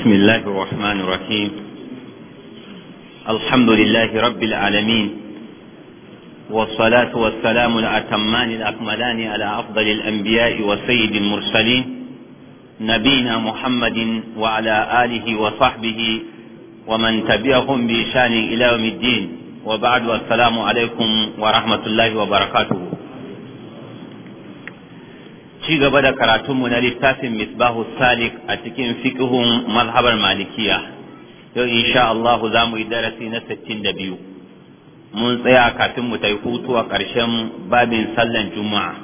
بسم الله الرحمن الرحيم الحمد لله رب العالمين والصلاة والسلام الأتمان الأكملان على أفضل الأنبياء وسيد المرسلين نبينا محمد وعلى آله وصحبه ومن تبعهم بشان إلى يوم الدين وبعد والسلام عليكم ورحمة الله وبركاته ci gaba da karatunmu na littafin misbahu salik a cikin fiqhun mazhabar malikiya yau insha Allah za mu yi darasi na biyu. mun tsaya kafin mu tai hutu a ƙarshen babin sallan juma'a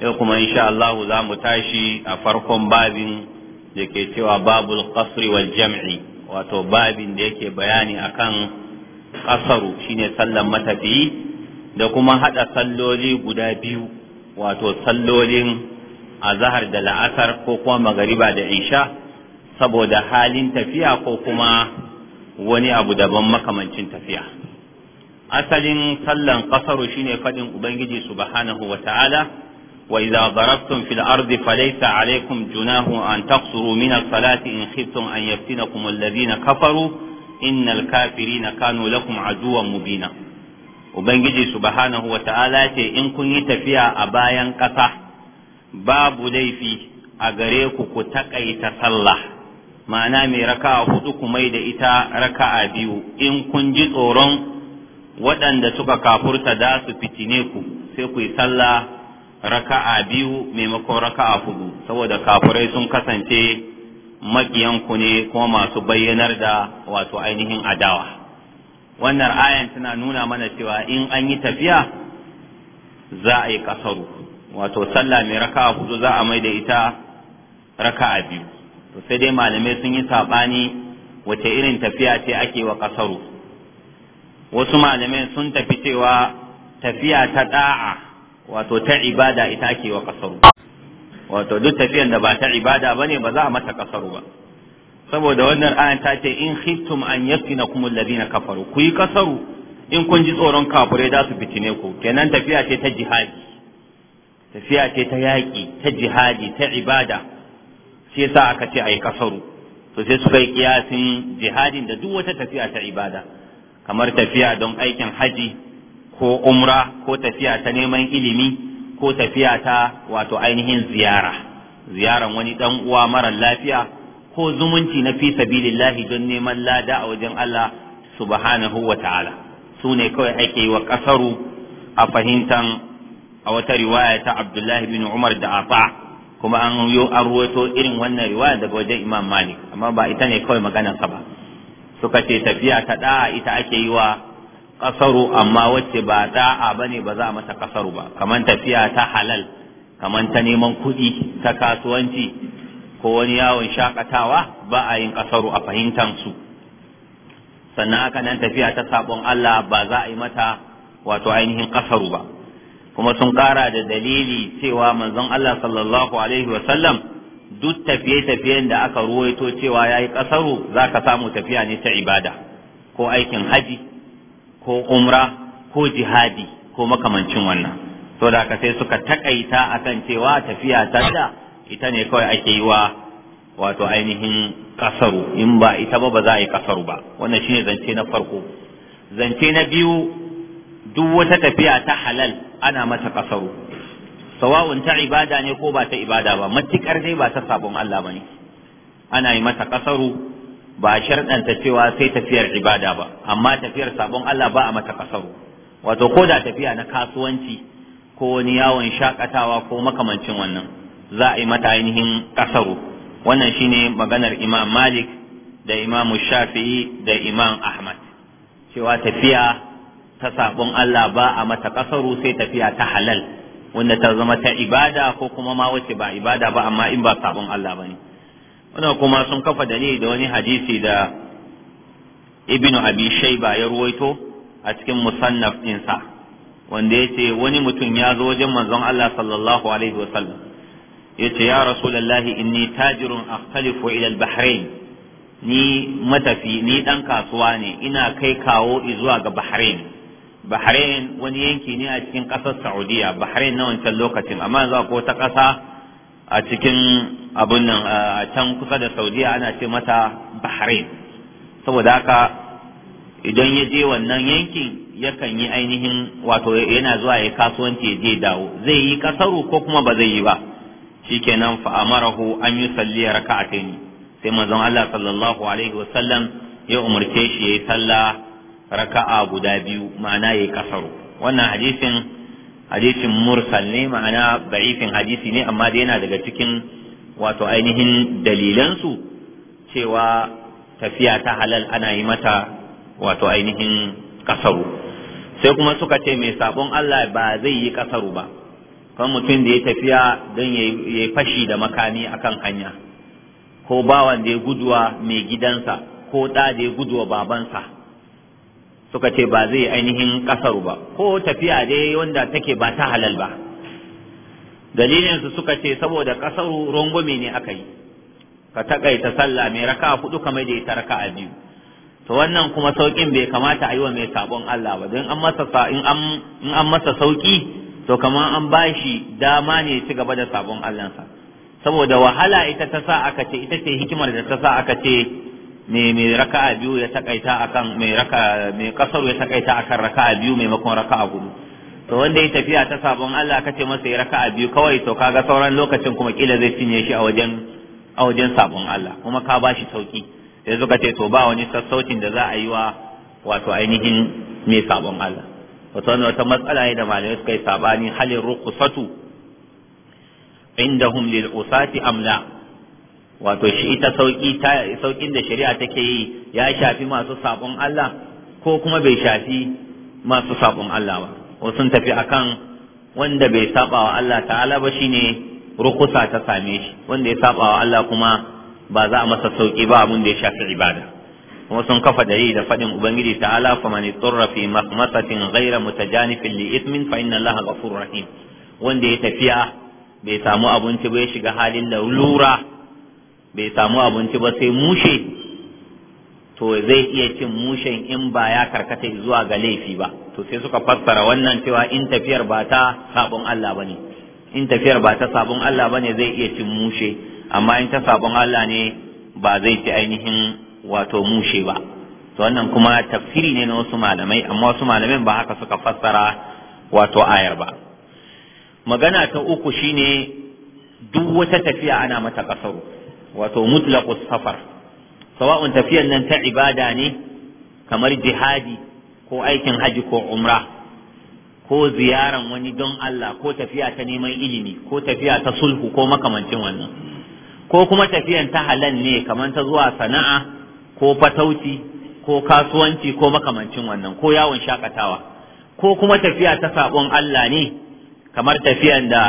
yau kuma insha Allah za mu tashi a farkon babin da ke cewa babul qasri wal jam'i wato babin da yake bayani akan qasaru shine sallan matafi da kuma haɗa salloli guda biyu wato sallolin a zahar da la'asar ko kuma magariba da isha saboda halin tafiya ko kuma wani abu daban makamancin tafiya asalin sallan kasaru shine faɗin ubangiji subhanahu wa ta'ala wa idza darabtum fil ardi falaysa alaykum junahu an taqsuru min as-salati in khiftum an yaftinakum alladhina kafaru innal kafirina kanu lakum aduwwan mubina ubangiji subhanahu wa ta'ala ce in kun yi tafiya a bayan ƙasa babu laifi a gare ku ku taƙaita sallah ma'ana mai raka'a hudu ku mai da ita raka'a biyu in kun ji tsoron waɗanda suka kafurta da su fitine ku sai ku yi sallah raka'a biyu maimakon raka'a hudu saboda kafurai sun kasance maƙiyanku ne kuma masu bayyanar da wato ainihin adawa wannan ayan tana nuna mana cewa in an yi tafiya za a yi kasaru wato sallah mai raka'a hudu za a mai da ita raka'a biyu to sai dai malamai sun yi saɓani wace irin tafiya ce ake wa kasaru wasu malamai sun tafi cewa tafiya ta da'a wato ta ibada ita ake wa kasaru wato duk tafiyan da ba ta ibada bane ba za a mata kasaru ba saboda wannan ayan ta ce in khiftum an yaftinakum ladina kafaru ku yi kasaru in kun ji tsoron kafirai za su fitine ku kenan tafiya ce ta jihadi tafiya ce ta yaƙi ta jihadi ta ibada shi yasa aka ce ai kasaru to sai suka yi kiyasin jihadin da duk wata tafiya ta ibada kamar tafiya don aikin haji ko umra ko tafiya ta neman ilimi ko tafiya ta wato ainihin ziyara ziyaran wani dan uwa mara lafiya ko zumunci na fi sabilillahi don neman lada a wajen Allah subhanahu wa ta'ala su ne kawai ake yi wa kasaru a fahimtan a wata riwaya ta Abdullahi bin Umar da Afa kuma an yo an irin wannan riwaya daga wajen Imam Malik amma ba ita ne kawai maganar ba suka ce tafiya ta d'a ita ake yi wa kasaru amma wacce ba da'a bane ba za a mata kasaru ba kamar tafiya ta halal kamar ta neman kuɗi ta kasuwanci ko wani yawon shakatawa ba a yin kasaru a fahimtar su sannan haka nan tafiya ta sabon Allah ba za a yi mata wato ainihin kasaru ba kuma sun ƙara da dalili cewa manzon Allah sallallahu alaihi wasallam duk tafiye-tafiyen da aka ruwaito cewa ya yi ƙasaru za ka samu tafiya ne ta ibada ko aikin haji ko umra ko jihadi ko makamancin wannan to da ka sai suka takaita akan cewa tafiya ta ita ne kawai ake yi wa wato ainihin ƙasaru in ba ita ba ba za a yi ƙasaru ba wannan shine zance na farko zance na biyu duk wata tafiya ta halal ana mata kasaru sawa'un ta ibada ne ko ba ta ibada ba matukar dai ba ta sabon Allah bane ana yi mata kasaru ba sharɗanta cewa sai tafiyar ibada ba amma tafiyar sabon Allah ba a mata kasaru wato ko da tafiya na kasuwanci ko wani yawon shakatawa ko makamancin wannan za a yi mata ainihin kasaru wannan shine maganar Imam Malik da Imam Shafi'i da Imam Ahmad cewa tafiya ta sabon Allah ba a mata ƙasaru sai tafiya ta halal wanda ta zama ta ibada ko kuma ma wace ba ibada ba amma in ba sabon Allah ne. wannan kuma sun kafa dalili da wani hadisi da Ibn abi shayba ya ruwaito a cikin musannaf ɗinsa wanda yace wani mutum ya zo wajen manzon Allah sallallahu alaihi wasallam yace ya rasulullahi inni tajirun akhtalifu ila al-bahrain ni matafi ni dan kasuwa ne ina kai kawo zuwa ga Bahrain bahrain wani yanki ne a cikin kasar saudiya bahrain na wancan lokacin amma yanzu akwai ta kasa a cikin abun nan a can kusa da saudiya ana ce mata bahrain saboda haka idan ya je wannan yankin yakan yi ainihin wato yana zuwa ya kasuwanci ya je dawo zai yi kasaru ko kuma ba zai yi ba shikenan fa amarahu an yi salliya raka'ataini sai manzon Allah sallallahu alaihi wasallam ya umarce shi ya yi sallah raka'a guda biyu ma'ana yayi kasaru wannan hadisin hadisin mursal ne ma'ana ba'ifin hadisi ne amma dai yana daga cikin wato ainihin dalilansu cewa tafiya ta halal ana yi mata wato ainihin kasaru sai kuma suka ce mai sabon Allah ba zai yi kasaru ba kan mutum da ya tafiya don ya fashi da makami akan hanya ko bawan da ya guduwa mai gidansa ko ɗa da ya guduwa babansa suka ce ba zai ainihin kasar ba ko tafiya dai wanda take ba ta halal ba dalilinsu suka ce saboda kasaru rungume ne aka yi ka takaita sallah mai raka hudu kamar da ita raka a biyu to wannan kuma saukin bai kamata a yi wa mai sabon Allah ba don an masa in an masa sauki to kamar an bashi dama ne ci gaba da sabon Allah sa saboda wahala ita ta sa aka ce ita ce hikimar da ta sa aka ce Me me raka'a biyu ya takaita akan me raka mai kasaru ya takaita akan raka'a biyu maimakon raka'a hudu to wanda ya tafiya ta sabon Allah ka ce masa ya raka'a biyu kawai to kaga sauran lokacin kuma kila zai cinye shi a wajen a wajen sabon Allah kuma ka bashi sauki sai zuka ce to ba wani sassaucin da za a yi wa wato ainihin mai sabon Allah wato wani wata matsala ne da malamai suka yi sabani halin ruqsatu indahum lil usati amla wato shi ita sauki ta saukin da shari'a take yi ya shafi masu sabon Allah ko kuma bai shafi masu sabon Allah ba wasu sun tafi akan wanda bai saba wa Allah ta'ala ba shine rukusa ta same shi wanda ya saba wa Allah kuma ba za a masa sauki ba abin da ya shafi ibada kuma sun kafa dalili da fadin ubangiji ta'ala fa man turra fi mahmasatin ghayra mutajanifin li ithmin fa inna Allah ghafurur rahim wanda ya tafiya bai samu abinci ba ya shiga halin lura bai samu abinci ba sai mushe to zai iya cin mushen in ba ya karkata zuwa ga laifi ba to sai suka fassara wannan cewa in tafiyar ba ta sabon Allah bane in tafiyar ba ta sabon Allah bane zai iya cin mushe amma in ta sabon Allah ne ba zai ci ainihin wato mushe ba to wannan kuma tafsiri ne na wasu malamai amma wasu malamin ba haka suka fassara wato ayar ba magana ta uku shine duk wata tafiya ana mata kasaru wato mutlaqus safar sawa'un tafiyan nan ta ibada ne kamar jihadi ko aikin haji ko umra ko ziyaran wani don Allah ko tafiya ta neman ilimi ko tafiya ta sulhu ko makamancin wannan ko kuma tafiyan ta halal ne kamar ta zuwa sana'a ko fatauci ko kasuwanci ko makamancin wannan ko yawon shakatawa ko kuma tafiya ta sabon Allah ne kamar tafiyan da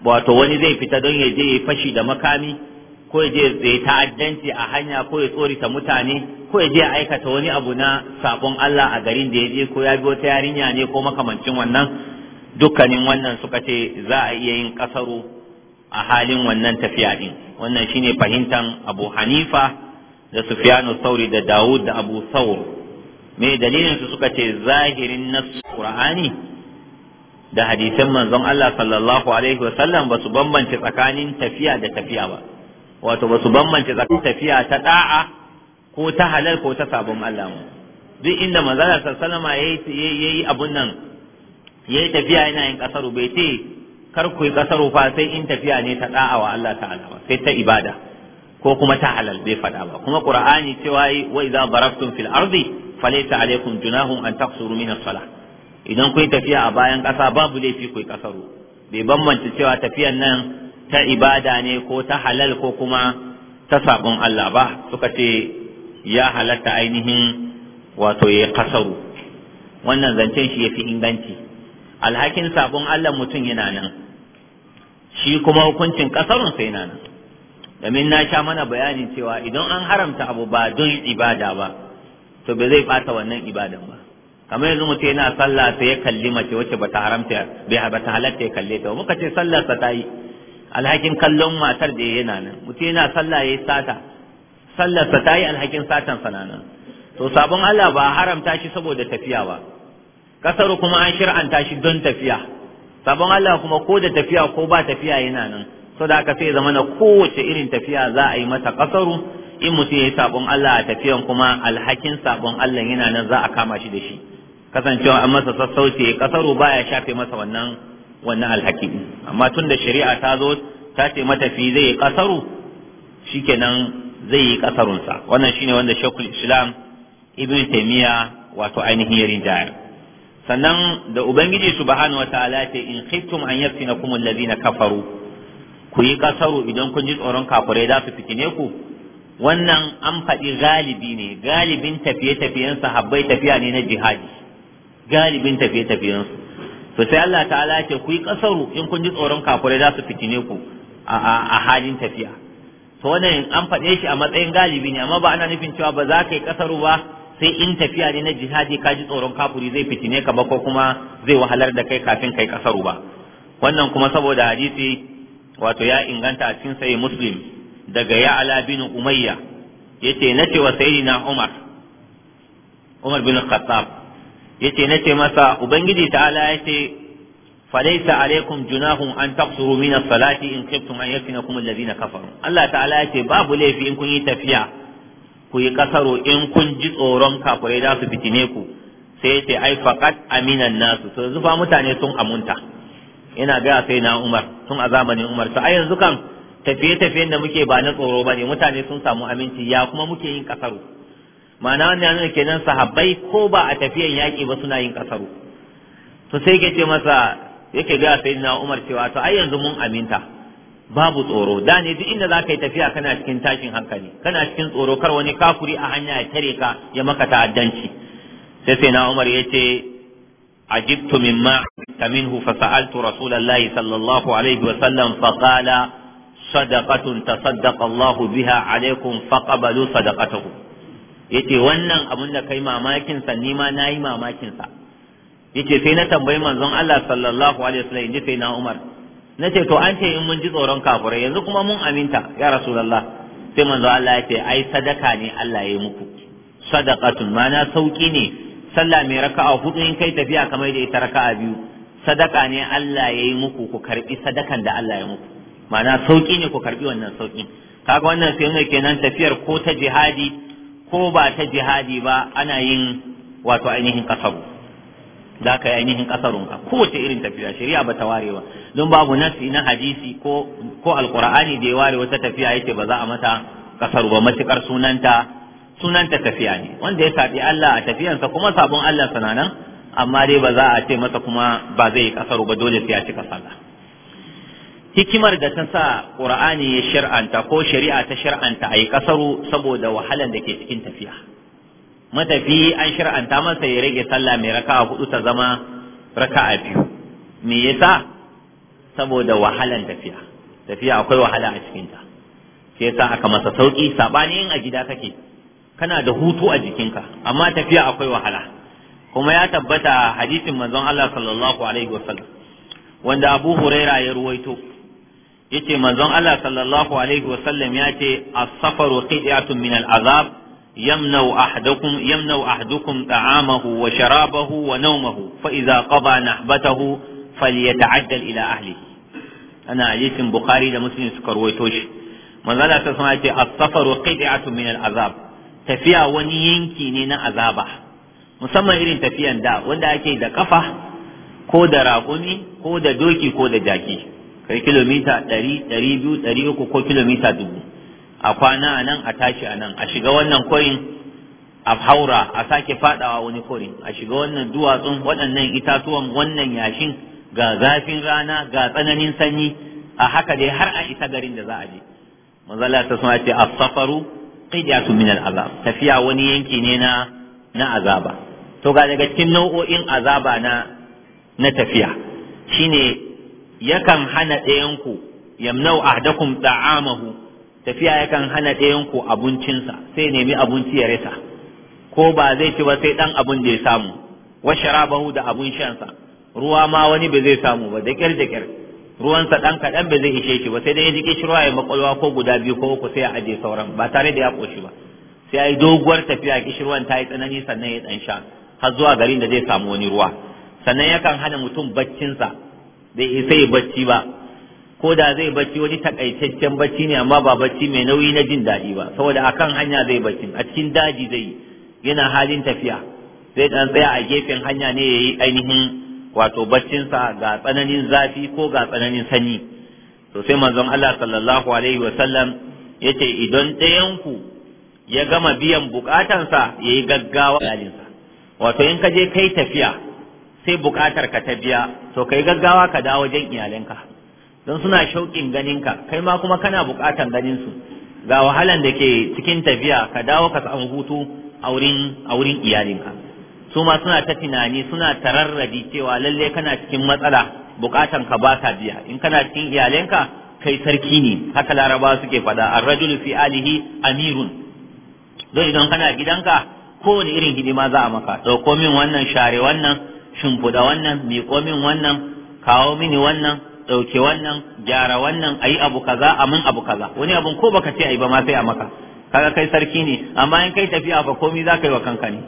wato wani zai fita don ya je ya fashi da makami ko ya je ya ta'addanci a hanya ko ya tsorita mutane ko ya je ya aikata wani abu na sabon Allah a garin da ya je ko ya bi wata yarinya ne ko makamancin wannan dukkanin wannan suka ce za a iya yin kasaro a halin wannan tafiya din wannan shine fahimtan Abu Hanifa da Sufyanu Sauri da Dawud da Abu Saur me dalilin su suka ce zahirin nas Qur'ani da hadisan manzon Allah sallallahu alaihi wasallam ba su bambance tsakanin tafiya da tafiya ba wato ba su bambance tsakanin tafiya ta da'a ko ta halal ko ta sabon Allah mu duk inda manzalar sallama yi abun nan yayi tafiya yana yin kasaru bai ce kar ku yi kasaru fa sai in tafiya ne ta da'a wa Allah ta'ala sai ta ibada ko kuma ta halal bai faɗa ba kuma qur'ani cewa wa idza darabtum fil ardi falaysa alaykum junahun an taqsuru min as-salah idan kuyi tafiya a bayan ƙasa babu laifi ku yi kasaru bai bambance cewa tafiyan nan ta ibada ne ko ta halal ko kuma ta sabon Allah ba suka ce ya halatta ainihin wato ya kasaru wannan zancen shi ya fi inganci alhakin sabon Allah mutum yana nan shi kuma hukuncin kasarun sai yana nan domin na sha mana bayani cewa idan an haramta abu ba don ibada ba to ba zai bata wannan ibadan ba kamar yanzu mutum yana sallah sai ya kalli mace wacce ba ta haramta ba ta halatta ya kalle ta ba muka ce sallar sa ta yi alhakin kallon matar da yana nan mutum yana sallah yayi sata sallarsa ta yi alhakin satan sananan to sabon Allah ba haramta shi saboda tafiya ba kasar kuma an shir'anta shi don tafiya sabon Allah kuma ko da tafiya ko ba tafiya yana nan so da haka sai zama na kowace irin tafiya za a yi mata kasaru in mutum ya yi sabon Allah a tafiyan kuma alhakin sabon Allah yana nan za a kama shi da shi kasancewa an masa sassauce kasaru baya shafe masa wannan wannan alhaki amma tun da shari'a ta zo ta ce matafi zai yi kasaru shikenan zai yi kasarunsa wannan shine wanda shekul islam ibn taimiya wato ainihin yarin sannan da ubangiji subhanahu wataala ce in khiftum an yaftinakum alladhina kafaru ku yi kasaru idan kun ji tsoron kafirai za su fitine ku wannan an faɗi galibi ne galibin tafiye-tafiyen sahabbai tafiya ne na jihadi galibin tafiye su. to sai Allah ta'ala ce ku yi kasaru in kun ji tsoron kafirai za su fitine ku a halin tafiya to wannan an faɗe shi a matsayin galibi ne amma ba ana nufin cewa ba za ka yi kasaru ba sai in tafiya ne na jihadi ka ji tsoron kafiri zai fitine ka ba ko kuma zai wahalar da kai kafin ka kai kasaru ba wannan kuma saboda hadisi wato ya inganta a cikin sai muslim daga ala bin umayya yace nace wa sayyidina umar umar bin khattab yace nace masa ubangiji ta'ala yace falaysa alaikum junahun an taqsuru min as-salati in khiftum an yaftinakum alladhina kafaru Allah ta'ala yace babu laifi in kun yi tafiya ku yi kasaro in kun ji tsoron kafirai za su fitine ku sai yace ai faqat aminan nasu to zufa mutane sun amunta Ina ga sai na Umar tun a zamanin Umar to ai yanzu kan tafiye-tafiyen da muke ba na tsoro ne mutane sun samu aminci ya kuma muke yin kasaro ma'ana wannan nuna kenan sahabbai ko ba a tafiyan yaƙi ba suna yin kasaro to sai yake ce masa yake ga na Umar cewa to ai yanzu mun aminta babu tsoro da ne duk inda zaka yi tafiya kana cikin tashin hankali kana cikin tsoro kar wani kafuri a hanya ya tare ka ya maka ta'addanci sai na Umar yace ajibtu mimma minhu fa sa'altu rasulullahi sallallahu alaihi wa sallam fa qala صدقة تصدق الله بها عليكم فقبلوا صدقته yace wannan abun da kai mamakin sa ni ma nayi mamakin sa yace sai na tambayi manzon Allah sallallahu alaihi wasallam yace na Umar nace to an ce in mun ji tsoron kafirai yanzu kuma mun aminta ya rasulullah sai manzon Allah yace ai sadaka ne Allah ya yi muku sadaqatun mana sauki ne sallah mai raka'a hudu in kai tafiya kamar da ita raka'a biyu sadaka ne Allah ya yi muku ku karbi sadakan da Allah ya muku mana sauki ne ku karbi wannan sauki kaga wannan sai ne kenan tafiyar ko ta jihadi ko ba ta jihadi ba ana yin wato ainihin kasaru za ka yi ainihin kasarun a kowace irin tafiya shari'a ba ta warewa don babu nasi na hadisi ko ko alqur'ani da ya ware wata tafiya yace ba za a mata kasaru ba matukar sunanta sunanta tafiya ne wanda ya sabi Allah a tafiyansa kuma sabon Allah sananan amma dai ba za a ce masa kuma ba zai yi kasaru ba dole sai ya cika sallah hikimar da ta sa qur'ani ya shar'anta ko shari'a ta shar'anta ayi kasaru saboda wahalan da ke cikin tafiya matafi an shar'anta masa ya rage sallah mai raka'a hudu ta zama raka'a biyu me yasa saboda wahalan tafiya tafiya akwai wahala a cikin ta sai yasa aka masa sauki sabani in a gida kake kana da hutu a jikinka amma tafiya akwai wahala kuma ya tabbata hadisin manzon Allah sallallahu alaihi wasallam wanda Abu Huraira ya ruwaito yace manzon Allah sallallahu alaihi wa sallam ya ce as-safaru qid'atun min al-azab yamna'u ahadukum yamna'u ahadukum ta'amahu wa sharabahu wa nawmahu fa idza qada nahbatahu falyata'addal ila ahlihi ana hadisin bukhari da muslim suka rawaito shi manzon Allah sallallahu alaihi wa sallam ya ce as-safaru qid'atun min al-azab tafiya wani yanki ne na azaba musamman irin tafiyan da wanda ake da kafa ko da raƙumi ko da doki ko da jaki kai kilomita ɗari ɗari biyu ɗari uku ko kilomita dubu a kwana a nan a tashi a nan a shiga wannan koyin a haura a sake fadawa wani korin a shiga wannan duwatsun waɗannan itatuwan wannan yashin ga zafin rana ga tsananin sanyi a haka dai har a isa garin da za a je manzala ta suna ce as-safaru qidatu min al-azab tafiya wani yanki ne na na azaba to ga daga cikin nau'o'in azaba na na tafiya shine yakan hana ɗayanku yamnau ahdakum da'amahu tafiya yakan hana ɗayanku abincinsa sai nemi abinci ya rasa ko ba zai ci ba sai dan abun da ya samu wa sharabahu da abun shansa ruwa ma wani ba zai samu ba da kyar da kyar ruwansa ɗan kaɗan ba zai ishe shi ba sai dai ya ji ruwa ya makwalwa ko guda biyu ko uku sai ya aje sauran ba tare da ya ƙoshi ba sai ya doguwar tafiya ruwan ta yi tsanani sannan ya ɗan sha har zuwa garin da zai samu wani ruwa sannan yakan hana mutum baccinsa bai isa yi bacci ba ko da zai bacci wani takaitaccen bacci ne amma ba bacci mai nauyi na jin daɗi ba saboda akan hanya zai bacci a cikin daji zai yana halin tafiya zai dan tsaya a gefen hanya ne yayi ainihin wato baccinsa ga tsananin zafi ko ga tsananin sanyi to sai manzon Allah sallallahu alaihi wa sallam yace idan ɗayan ku ya gama biyan bukatansa yayi gaggawa alinsa wato in ka je kai tafiya sai bukatar ka ta biya to kai gaggawa ka dawo wajen iyalanka don suna shauƙin ganinka kai ma kuma kana bukatan ganin su ga wahalan da ke cikin tafiya ka dawo ka samu hutu a wurin a wurin iyalinka su ma suna ta tunani suna tararradi cewa lalle kana cikin matsala bukatan ka ba ka biya in kana cikin iyalanka kai sarki ne haka laraba suke faɗa arrajul fi alihi amirun don idan kana gidanka kowane irin hidima za a maka to komin wannan share wannan shimfuda wannan miƙo min wannan kawo mini wannan ɗauke wannan gyara wannan a yi abu kaza a min abu kaza wani abun ko baka ce a yi ba ma sai a maka kaga kai sarki ne amma in kai tafiya ba komai za ka yi wa kanka ne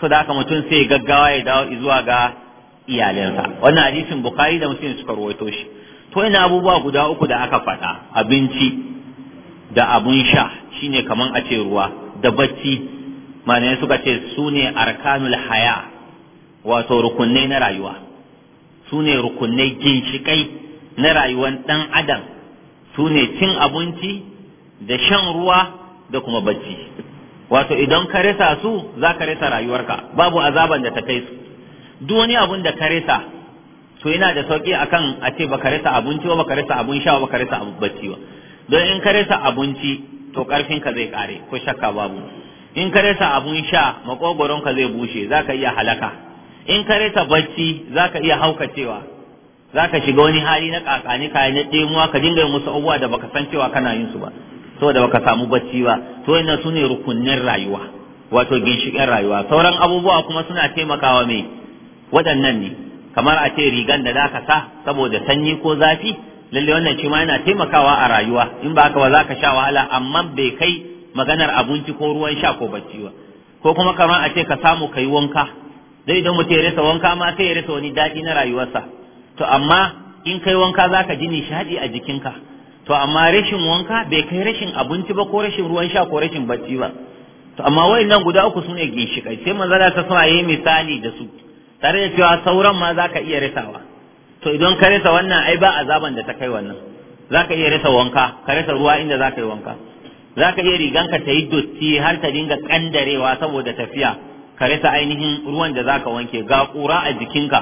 so da haka mutum sai gaggawa ya dawo zuwa ga iyalinsa wannan hadisin bukari da muslim suka rawaito shi to ina abubuwa guda uku da aka faɗa abinci da abun sha shine kaman a ce ruwa da bacci malamai suka ce su ne arkanul haya wato rukunai na rayuwa su ne rukunai ginshiƙai na rayuwan ɗan adam su ne cin abinci da shan ruwa da kuma bacci wato idan ka resa su za ka resa rayuwarka babu azaban da ta kai su duk wani abun da ka resa to yana da sauki akan a ce baka resa abinci ba baka resa abun sha ba baka resa abun bacci ba don in ka resa abinci to karfin ka zai kare ko shakka babu in ka resa abun sha maƙogwaronka zai bushe za ka iya halaka in ka rasa bacci ka iya haukacewa ka shiga wani hali na kakani kayan na demuwa ka dinga yin wasu abubuwa da baka san cewa kana yin su ba saboda baka samu bacci ba to wannan sune rukunin rayuwa wato ginshiƙin rayuwa sauran abubuwa kuma suna taimakawa mai waɗannan ne kamar a ce rigan da zaka sa saboda sanyi ko zafi lalle wannan shi ma yana taimakawa a rayuwa in ba haka ba za ka sha wahala amma bai kai maganar abinci ko ruwan sha ko bacci ba ko kuma kamar a ce ka samu ka yi wanka zai idan mutum ya rasa wanka ma sai ya rasa wani daɗi na rayuwarsa to amma in kai wanka za ka ji nishaɗi a jikinka to amma rashin wanka bai kai rashin abinci ba ko rashin ruwan sha ko rashin bacci ba to amma wayannan guda uku sune ginshiƙai sai manzala ta sa yi misali da su tare da cewa sauran ma za ka iya rasawa to idan ka rasa wannan ai ba azaban da ta kai wannan za ka iya rasa wanka ka rasa ruwa inda za ka yi wanka za ka iya riganka ta yi dotti har ta dinga kandarewa saboda tafiya ka rasa ainihin ruwan da zaka wanke ga kura a jikinka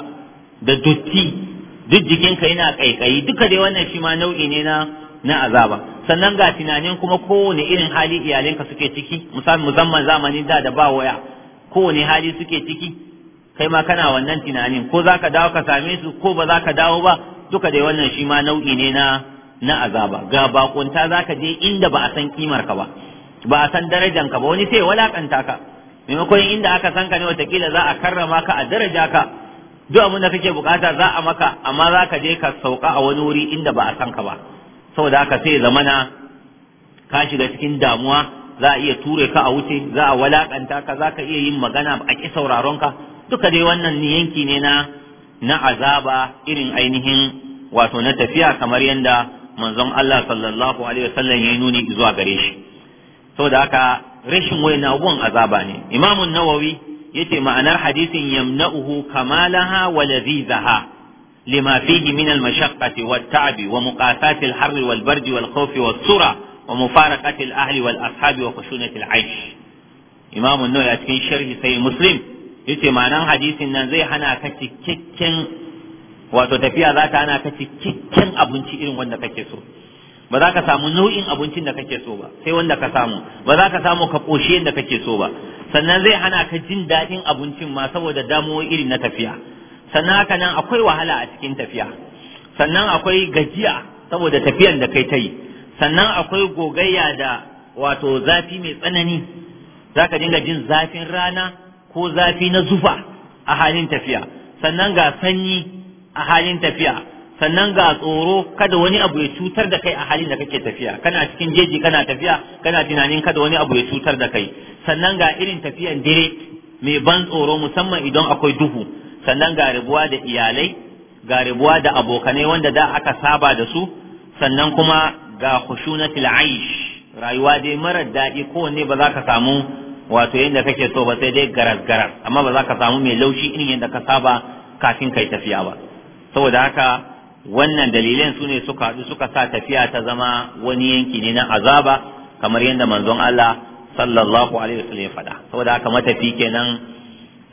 da dotti duk jikinka yana kaikayi duka dai wannan shi ma nau'i ne na na azaba sannan ga tunanin kuma kowane irin hali iyalinka suke ciki musamman zamanin da da ba waya kowane hali suke ciki kai ma kana wannan tunanin ko za ka dawo ka same su ko ba za dawo ba duka dai wannan shi ma nau'i ne na na azaba ga bakunta zaka je inda ba a san kimar ka ba ba a san darajanka ba wani sai walakanta ka maimakon inda aka san ka ne watakila za a karrama ka a daraja ka duk abin da kake bukata za a maka amma za ka je ka sauka a wani wuri inda ba a san ka ba saboda haka sai zamana ka shiga cikin damuwa za a iya ture ka a wuce za a walakanta ka za ka iya yin magana a ki sauraron ka duka dai wannan yanki ne na na azaba irin ainihin wato na tafiya kamar yadda manzon Allah sallallahu alaihi wasallam ya nuni zuwa gare shi saboda haka rashin waina gun azaba ne imamun nawawi yace ma'anar hadisin yamna'uhu kamalaha wa ladhizaha lima fihi min al-mashaqqati tabi wa muqasati al-harri wal-bardi wal-khawfi was-sura wa mufaraqati al-ahli wal-ashabi wa khushunati al-'aish imamun nawawi a cikin sharhi sai muslim yace ma'anar hadisin nan zai hana ka cikakken wato tafiya za ta hana ka cikakken abinci irin wanda kake so ba za ka samu nau'in abincin da kake so ba sai wanda ka samu ba za ka samu ka koshi yadda kake so ba sannan zai hana ka jin daɗin abincin ma saboda damo irin na tafiya sannan haka nan akwai wahala a cikin tafiya sannan akwai gajiya saboda tafiyan da kai ta yi sannan akwai gogayya da wato zafi mai tsanani za ka dinga jin zafin rana ko zafi na zufa a halin tafiya sannan ga sanyi a halin tafiya sannan ga tsoro kada wani abu ya cutar da kai a halin da kake tafiya kana cikin jeji kana tafiya kana tunanin kada wani abu ya cutar da kai sannan ga irin tafiyan dire mai ban tsoro musamman idan akwai duhu sannan ga rubuwa da iyalai ga rubuwa da abokanai wanda da aka saba da su sannan kuma ga khushunatil aish rayuwa dai mara daɗi kowanne ba za ka samu wato yadda kake so ba sai dai garas garas amma ba za ka samu mai laushi irin yadda ka saba kafin kai tafiya ba saboda haka wannan dalilan su ne suka haɗu suka sa tafiya ta zama wani yanki ne na azaba kamar yadda manzon Allah sallallahu alaihi wasallam ya faɗa saboda haka matafi kenan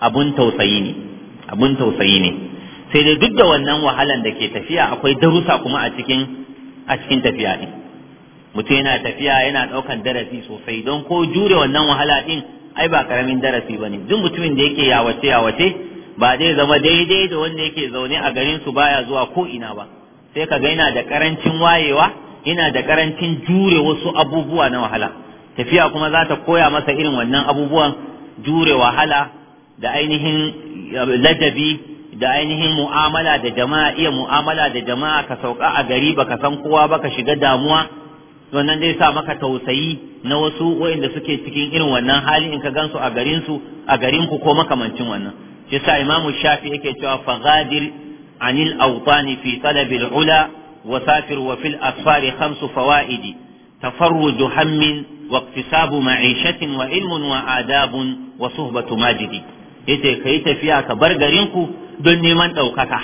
abun tausayi ne abun tausayi ne sai dai duk da wannan wahalan da ke tafiya akwai darusa kuma a cikin a cikin tafiya din mutum yana tafiya yana ɗaukan darasi sosai don ko jure wannan wahala din ai ba karamin darasi bane duk mutumin da yake yawace yawace ba zai zama daidai da wanda yake zaune a garin su baya zuwa ko ina ba sai ka ga yana da karancin wayewa ina da karancin jure wasu abubuwa na wahala tafiya kuma za ta koya masa irin wannan abubuwan jure wahala da ainihin ladabi da ainihin mu'amala da jama'a iya mu'amala da jama'a ka sauka a gari ba ka san kowa ba ka shiga damuwa wannan zai sa maka tausayi na wasu wa'inda suke cikin irin wannan hali in ka gansu a garin su a garin ku ko makamancin wannan yasa imamu shafi yake cewa faghadir anil awtani fi talabil ula وسافر وفي الأسفار خمس فوائد تفرج هم واكتساب معيشة وعلم وآداب وصحبة ماجد yace ka yi tafiya ka bar garinku don neman ɗaukaka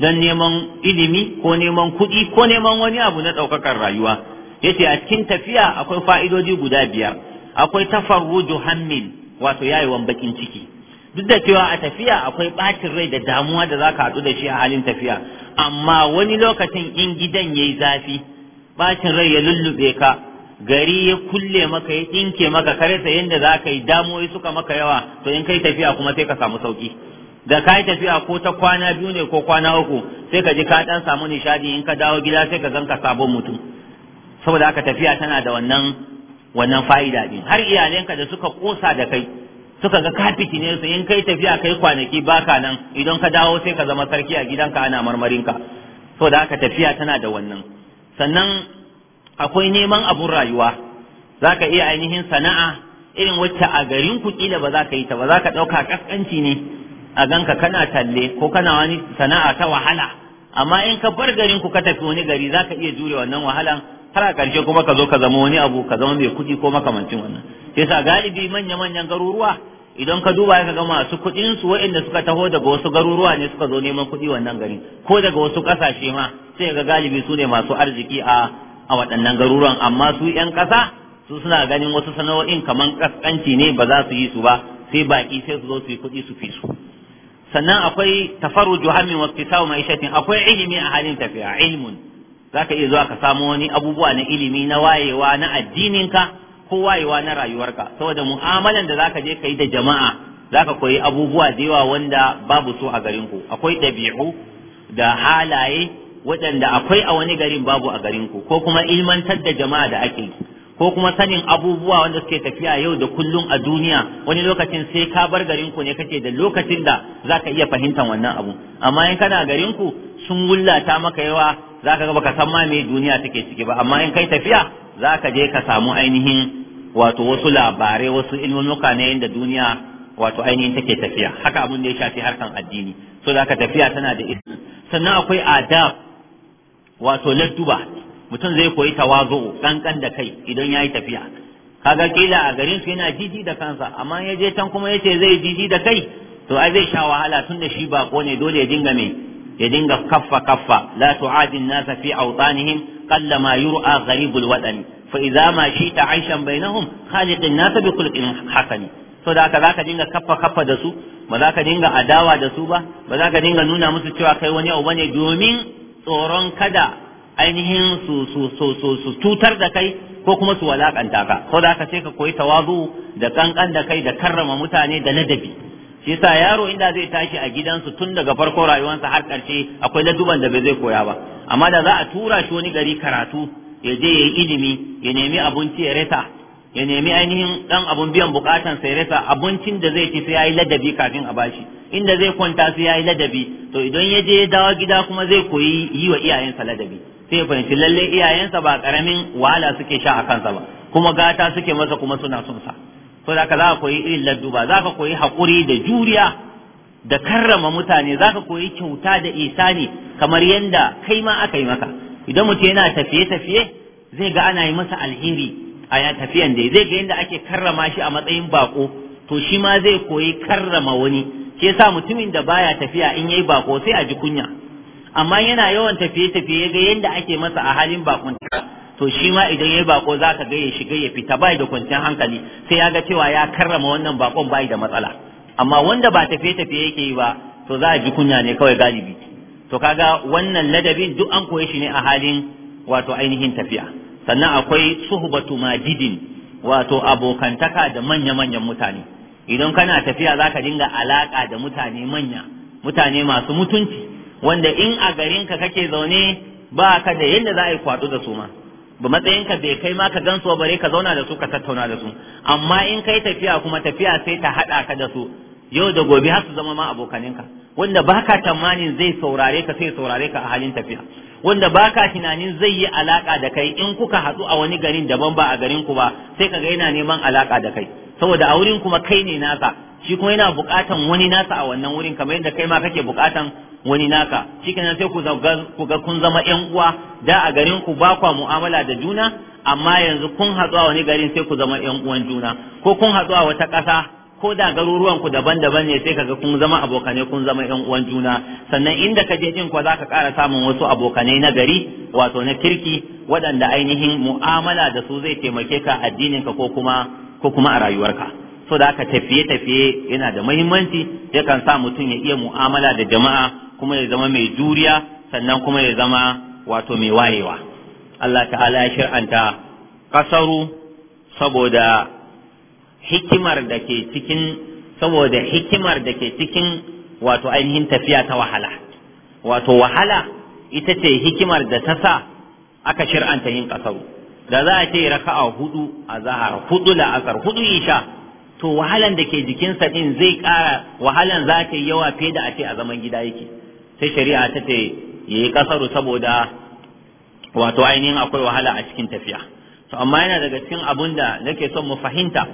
don neman ilimi ko neman kuɗi ko neman wani abu na ɗaukakar rayuwa yace a cikin tafiya akwai fa'idodi guda biyar akwai tafarruju hammin wato yayewan baƙin ciki duk da cewa a tafiya akwai ɓacin rai da damuwa da za ka haɗu da shi a halin tafiya amma wani lokacin in gidan ya yi zafi ɓacin rai ya lullube ka gari ya kulle maka ya ɗinke maka kare ta yadda za ka yi damuwoyi suka maka yawa to in kai tafiya kuma sai ka samu sauƙi da ka yi tafiya ko ta kwana biyu ne ko kwana uku sai ka ji ka ɗan samu nishadi in ka dawo gida sai ka ka sabon mutum saboda haka tafiya tana da wannan wannan fa'ida din har iyalanka da suka ƙosa da kai suka ga ka fitine su in kai tafiya kai kwanaki baka nan idan ka dawo sai ka zama sarki a gidanka ana marmarinka so da aka tafiya tana da wannan sannan akwai neman abun rayuwa zaka iya ainihin sana'a irin wacce a garin ku kila ba za ka yi ta ba za ka ɗauka kaskanci ne a ganka kana talle ko kana wani sana'a ta wahala amma in ka bar garin ku ka tafi wani gari za ka iya jure wannan wahalan har a ƙarshe kuma ka zo ka zama wani abu ka zama mai kuɗi ko makamancin wannan sai sa galibi manya manyan garuruwa idan ka duba ka ga masu kuɗin su waɗanda suka taho daga wasu garuruwa ne suka zo neman kuɗi wannan gari ko daga wasu ƙasashe ma sai ga galibi su ne masu arziki a a waɗannan garuruwan amma su 'yan ƙasa su suna ganin wasu sana'o'in kamar ƙasƙanci ne ba za su yi su ba sai baƙi sai su zo su yi kuɗi su fi su sannan akwai tafarruju juhamin wasu kisau ma'ishatin akwai ilimi a halin tafiya ilimin Za ka iya zuwa ka samu wani abubuwa na ilimi na wayewa na addininka ko wayewa na rayuwarka saboda mu'amalan da zaka je kai da jama'a zaka koyi abubuwa da yawa wanda babu su a garin ku akwai ɗabi'u da halaye waɗanda akwai a wani garin babu a garin ku ko kuma ilmantar da jama'a da ake ko kuma sanin abubuwa wanda suke tafiya yau da kullum a duniya wani lokacin sai ka bar garin ku ne kake da lokacin da za ka iya fahimtar wannan abu amma in kana garin ku sun wullata maka yawa za ka ga baka san ma me duniya take ciki ba amma in kai tafiya za ka je ka samu ainihin wato wasu labarai wasu ilmumuka ne inda duniya wato ainihin take tafiya haka abin da ya shafi harkan addini so za ka tafiya tana da isin sannan akwai adab wato ladduba mutum zai koyi tawazu kankan da kai idan ya yi tafiya kaga kila a garin su yana jiji da kansa amma ya je can kuma ce zai jiji da kai to ai zai sha wahala tun da shi bako ne dole ya dinga mai ya dinga kaffa kaffa la tu'adin nasa fi awtanihim qalla ma yur'a gharibul wadani fa idza ma shita aishan bainahum khaliqin nasa bi khulqin hasani to da ka zaka dinga kaffa kaffa da su ba za ka dinga adawa da su ba ba za ka dinga nuna musu cewa kai wani abu bane domin tsoron kada ainihin su su su su, su tutar da kai ko kuma su walakanta ka ko da ka sai ka koyi tawazu da kankan da kai da karrama mutane da ladabi shi sa yaro inda zai tashi a gidansu tun daga farkon rayuwarsa har ƙarshe akwai ladduban da bai zai koya ba amma da za a tura shi wani gari karatu ya je ya yi ilimi ya nemi abinci ya reta ya nemi ainihin ɗan abun biyan bukatan sai resa abincin da zai ci sai yayi ladabi kafin a bashi inda zai kwanta sai yayi ladabi to idan ya je ya dawo gida kuma zai koyi yi wa iyayensa ladabi sai ya fahimci lallai iyayensa ba karamin wahala suke sha a kansa ba kuma gata suke masa kuma suna son za zaka za ka koyi irin ladduba za ka koyi hakuri da juriya da karrama mutane za ka koyi kyauta da isani kamar yadda kai ma aka yi maka idan mutum yana tafiye-tafiye zai ga ana yi masa alheri a tafiyan da zai ga yadda ake karrama shi a matsayin bako to shi ma zai koyi karrama wani shi yasa mutumin da baya tafiya in yayi bako sai a ji kunya amma yana yawan tafiye-tafiye ya ga yadda ake masa a halin bakunta to shi ma idan ya yi bako za ga ya shiga ya fita bai da kwanciyar hankali sai ya ga cewa ya karrama wannan bakon bai da matsala amma wanda ba tafiye tafiye yake yi ba to za a ji kunya ne kawai galibi to kaga wannan ladabin duk an koye shi ne a halin wato ainihin tafiya sannan akwai suhbatu majidin wato abokantaka da manya-manyan mutane idan kana tafiya zaka dinga alaka da mutane manya mutane masu mutunci wanda in a garinka kake zaune ba ka da yadda za a yi kwaɗo da su ma ba matsayinka bai kai ma ka gansu ba bare ka zauna da su ka tattauna da su amma in kai tafiya kuma tafiya sai ta haɗa ka da su yau da gobe har su zama ma abokaninka wanda baka tamanin zai saurare ka sai saurare ka a halin tafiya wanda baka tunanin zai yi alaka da kai in kuka haɗu a wani garin daban ba a garin ku ba sai ka ga yana neman alaka da kai saboda a wurin kuma kai ne naka shi kuma yana buƙatan wani nasa a wannan wurin kamar yadda kai ma kake buƙatan wani naka shi kenan sai ku ga kun zama ƴan uwa da a garin ku ba kwa mu'amala da juna amma yanzu kun hatsu a wani garin sai ku zama ƴan uwan juna ko kun hatsu a wata ƙasa ko da garuruwan ku daban-daban ne sai kaga kun zama abokanai kun zama ƴan uwan juna sannan inda ka je din ko zaka ƙara samun wasu abokanai na gari wato na kirki waɗanda ainihin mu'amala da su zai taimake ka addininka ko kuma ko kuma a rayuwarka so da aka tafiye tafiye yana da muhimmanci yakan sa mutum ya iya mu'amala da jama'a kuma ya zama mai juriya sannan kuma ya zama wato mai wayewa Allah ta'ala ya shir'anta kasaru saboda hikimar da ke cikin saboda hikimar da ke cikin wato ainihin tafiya ta wahala wato wahala ita ce hikimar da ta sa aka shir'anta yin kasaru da za a ce raka'a hudu a zahar hudu la'asar hudu isha to wahalan da ke jikinsa din zai ƙara wahalan za ta yi yawa fiye da a ce a zaman gida yake sai shari'a ta ce ya yi kasaru saboda wato ainihin akwai wahala a cikin tafiya to amma yana daga cikin abun da nake son mu fahimta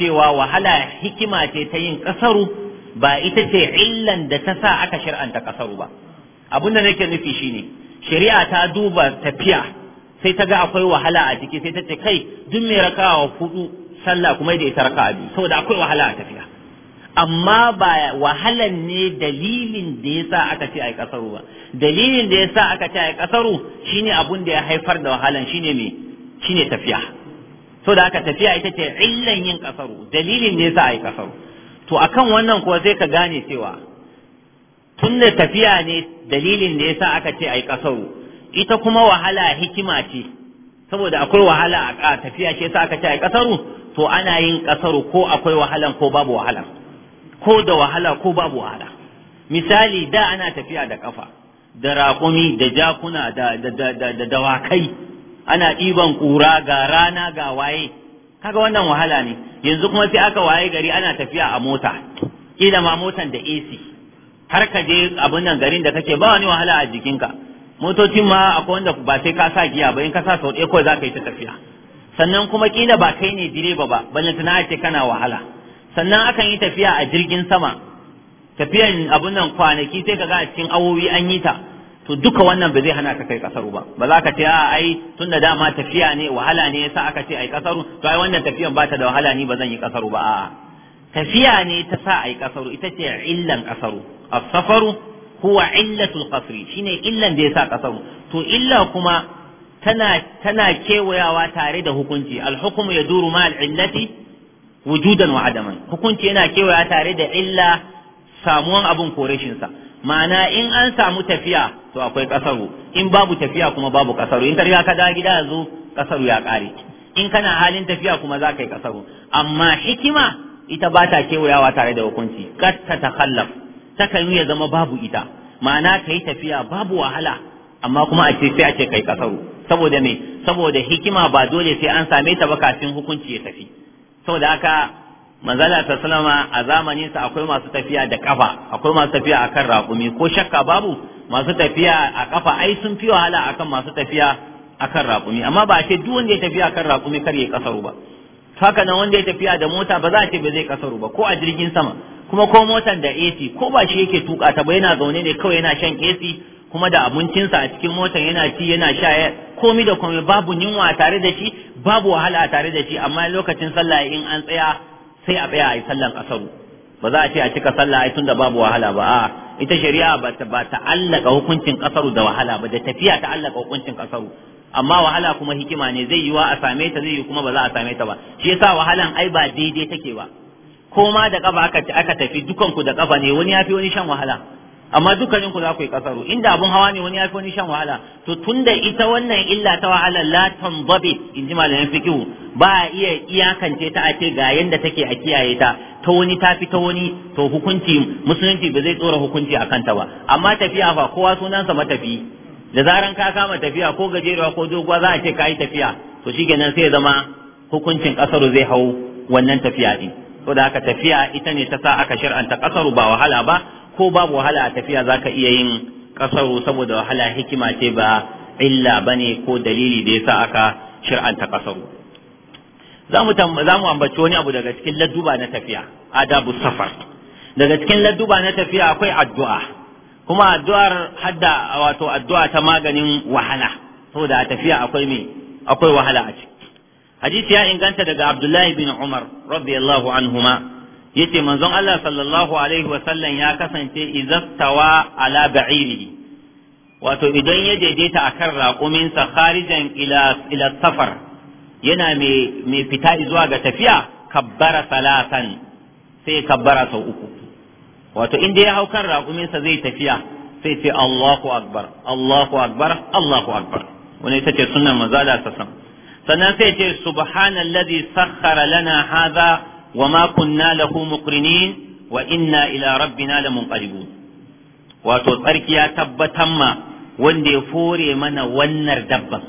cewa wahala hikima ce ta yin kasaru ba ita ce illan da ta sa aka shir'anta kasaru ba abun da nake nufi shine shari'a ta duba tafiya sai ta ga akwai wahala a ciki sai ta ce kai duk mai rakawa hudu sallah kuma da ita raka'a biyu saboda akwai wahala a tafiya amma ba wahalan ne dalilin da yasa aka ce ai kasaru ba dalilin da yasa aka ce ai kasaru shine abun da ya haifar da wahalan shine me shine tafiya saboda aka tafiya ita ce illan yin kasaru dalilin da yasa ai kasaru to akan wannan kuwa sai ka gane cewa tunda tafiya ne dalilin da yasa aka ce ai kasaru ita kuma wahala hikima ce saboda akwai wahala a tafiya shi yasa aka ce ai kasaru to ana yin kasaru ko akwai wahalan ko babu wahalan ko da wahala ko babu wahala misali da ana tafiya da kafa da raƙumi da jakuna da da da dawakai ana ɗiban ƙura ga rana ga waye kaga wannan wahala ne yanzu kuma sai aka waye gari ana tafiya a mota kila ma motan da AC har ka je abin nan garin da kake ba wani wahala a jikinka motocin ma akwai wanda ba sai ka sa giya ba in ka sa sau ɗaya kawai za ka yi ta tafiya sannan kuma kila ba kai ne direba ba balanta na ce kana wahala sannan akan yi tafiya a jirgin sama tafiyan abun nan kwanaki sai ga a cikin awowi an yi ta to duka wannan ba zai hana ka kai kasaru ba ba za ka ce a ai tun da dama tafiya ne wahala ne yasa aka ce ai kasaru to ai wannan tafiyan ba ta da wahala ni ba zan yi kasaru ba a'a tafiya ne ta sa ai kasaru ita ce illan kasaru as-safaru huwa illatul qasri shine illan da yasa kasaru to illa kuma tana tana kewayawa tare da hukunci al ya yaduru ma al wujudan wa adaman hukunci yana kewaya tare da illa samuwan abun koreshinsa sa ma'ana in an samu tafiya to akwai kasaru in babu tafiya kuma babu kasaru in tarya ka da gida yanzu kasaru ya kare in kana halin tafiya kuma za ka yi kasaru amma hikima ita ba ta kewayawa tare da hukunci kat ta takhallaf takan ya zama babu ita ma'ana ka yi tafiya babu wahala amma kuma a ce sai a ce kai kasaru saboda me saboda hikima ba dole sai an same ta ba kafin hukunci ya tafi saboda haka manzala ta salama a zamanin sa akwai masu tafiya da kafa akwai masu tafiya akan raƙumi ko shakka babu masu tafiya a kafa ai sun fi wahala akan masu tafiya akan raƙumi amma ba a ce duk wanda ya tafiya akan raƙumi kar ya kasaru ba haka nan wanda ya tafiya da mota ba za a ce ba zai kasaru ba ko a jirgin sama kuma ko motan da AC ko ba shi yake tuka ta ba yana zaune ne kawai yana shan AC kuma da abincinsa a cikin motan yana ci yana sha komi da komi babu yunwa tare da shi babu wahala tare da shi amma lokacin sallah in an tsaya sai a tsaya a yi sallan kasaru ba za a ce a cika sallah ai tunda babu wahala ba a'a ita shari'a ba ta ba ta allaka hukuncin kasaru da wahala ba da tafiya ta allaka hukuncin kasaru amma wahala kuma hikima ne zai yiwa a same ta zai yi kuma ba za a same ta ba shi yasa wahalan ai ba daidai take ba ko ma da kafa aka aka tafi dukan da kafa ne wani ya fi wani shan wahala amma dukkanin ku za ku yi kasaru inda abun hawa ne wani ya fi wani shan wahala to tunda ita wannan illa ta wahala la tanzabit in ji malamin fikihu ba a iya iyakance ta a ce ga yanda take a kiyaye ta ta wani ta fi ta wani to hukunci musulunci ba zai tsora hukunci a kanta ba amma tafiya fa kowa sunansa matafi da zaran ka kama tafiya ko gajeruwa ko doguwa za a ce ka yi tafiya to shi shikenan sai zama hukuncin kasaru zai hau wannan tafiya din saboda haka tafiya ita ne ta sa aka shir'anta kasaru ba wahala ba ko babu wahala a tafiya zaka iya yin ƙasaru saboda wahala hikima ce ba illa ba ne ko dalili da yasa aka shir'anta ƙasaru. za mu ambaci wani abu daga cikin ladduba na tafiya adabu safar daga cikin ladduba na tafiya akwai addu'a kuma addu'ar hadda wato addu'a ta maganin wahala saboda a tafiya akwai me akwai wahala a ciki hadisi ya inganta daga abdullahi bin umar radiyallahu anhuma yace manzon Allah sallallahu alaihi wa sallam ya kasance izastawa ala ba'irihi wato idan ya daidaita akan raƙuminsa kharijan ila ila safar yana mai mai fita zuwa ga tafiya kabbara salatan sai kabbara sau uku wato inda ya hau kan raƙuminsa zai tafiya sai ce Allahu akbar Allahu akbar Allahu akbar wani ita ce sunan manzo Allah sallallahu sannan sai ce subhanallazi sakhkhara lana hadha وما كنا له مقرنين وإنا إلى ربنا لمنقلبون ya tabbatan ma wanda ya fore mana wannan dabban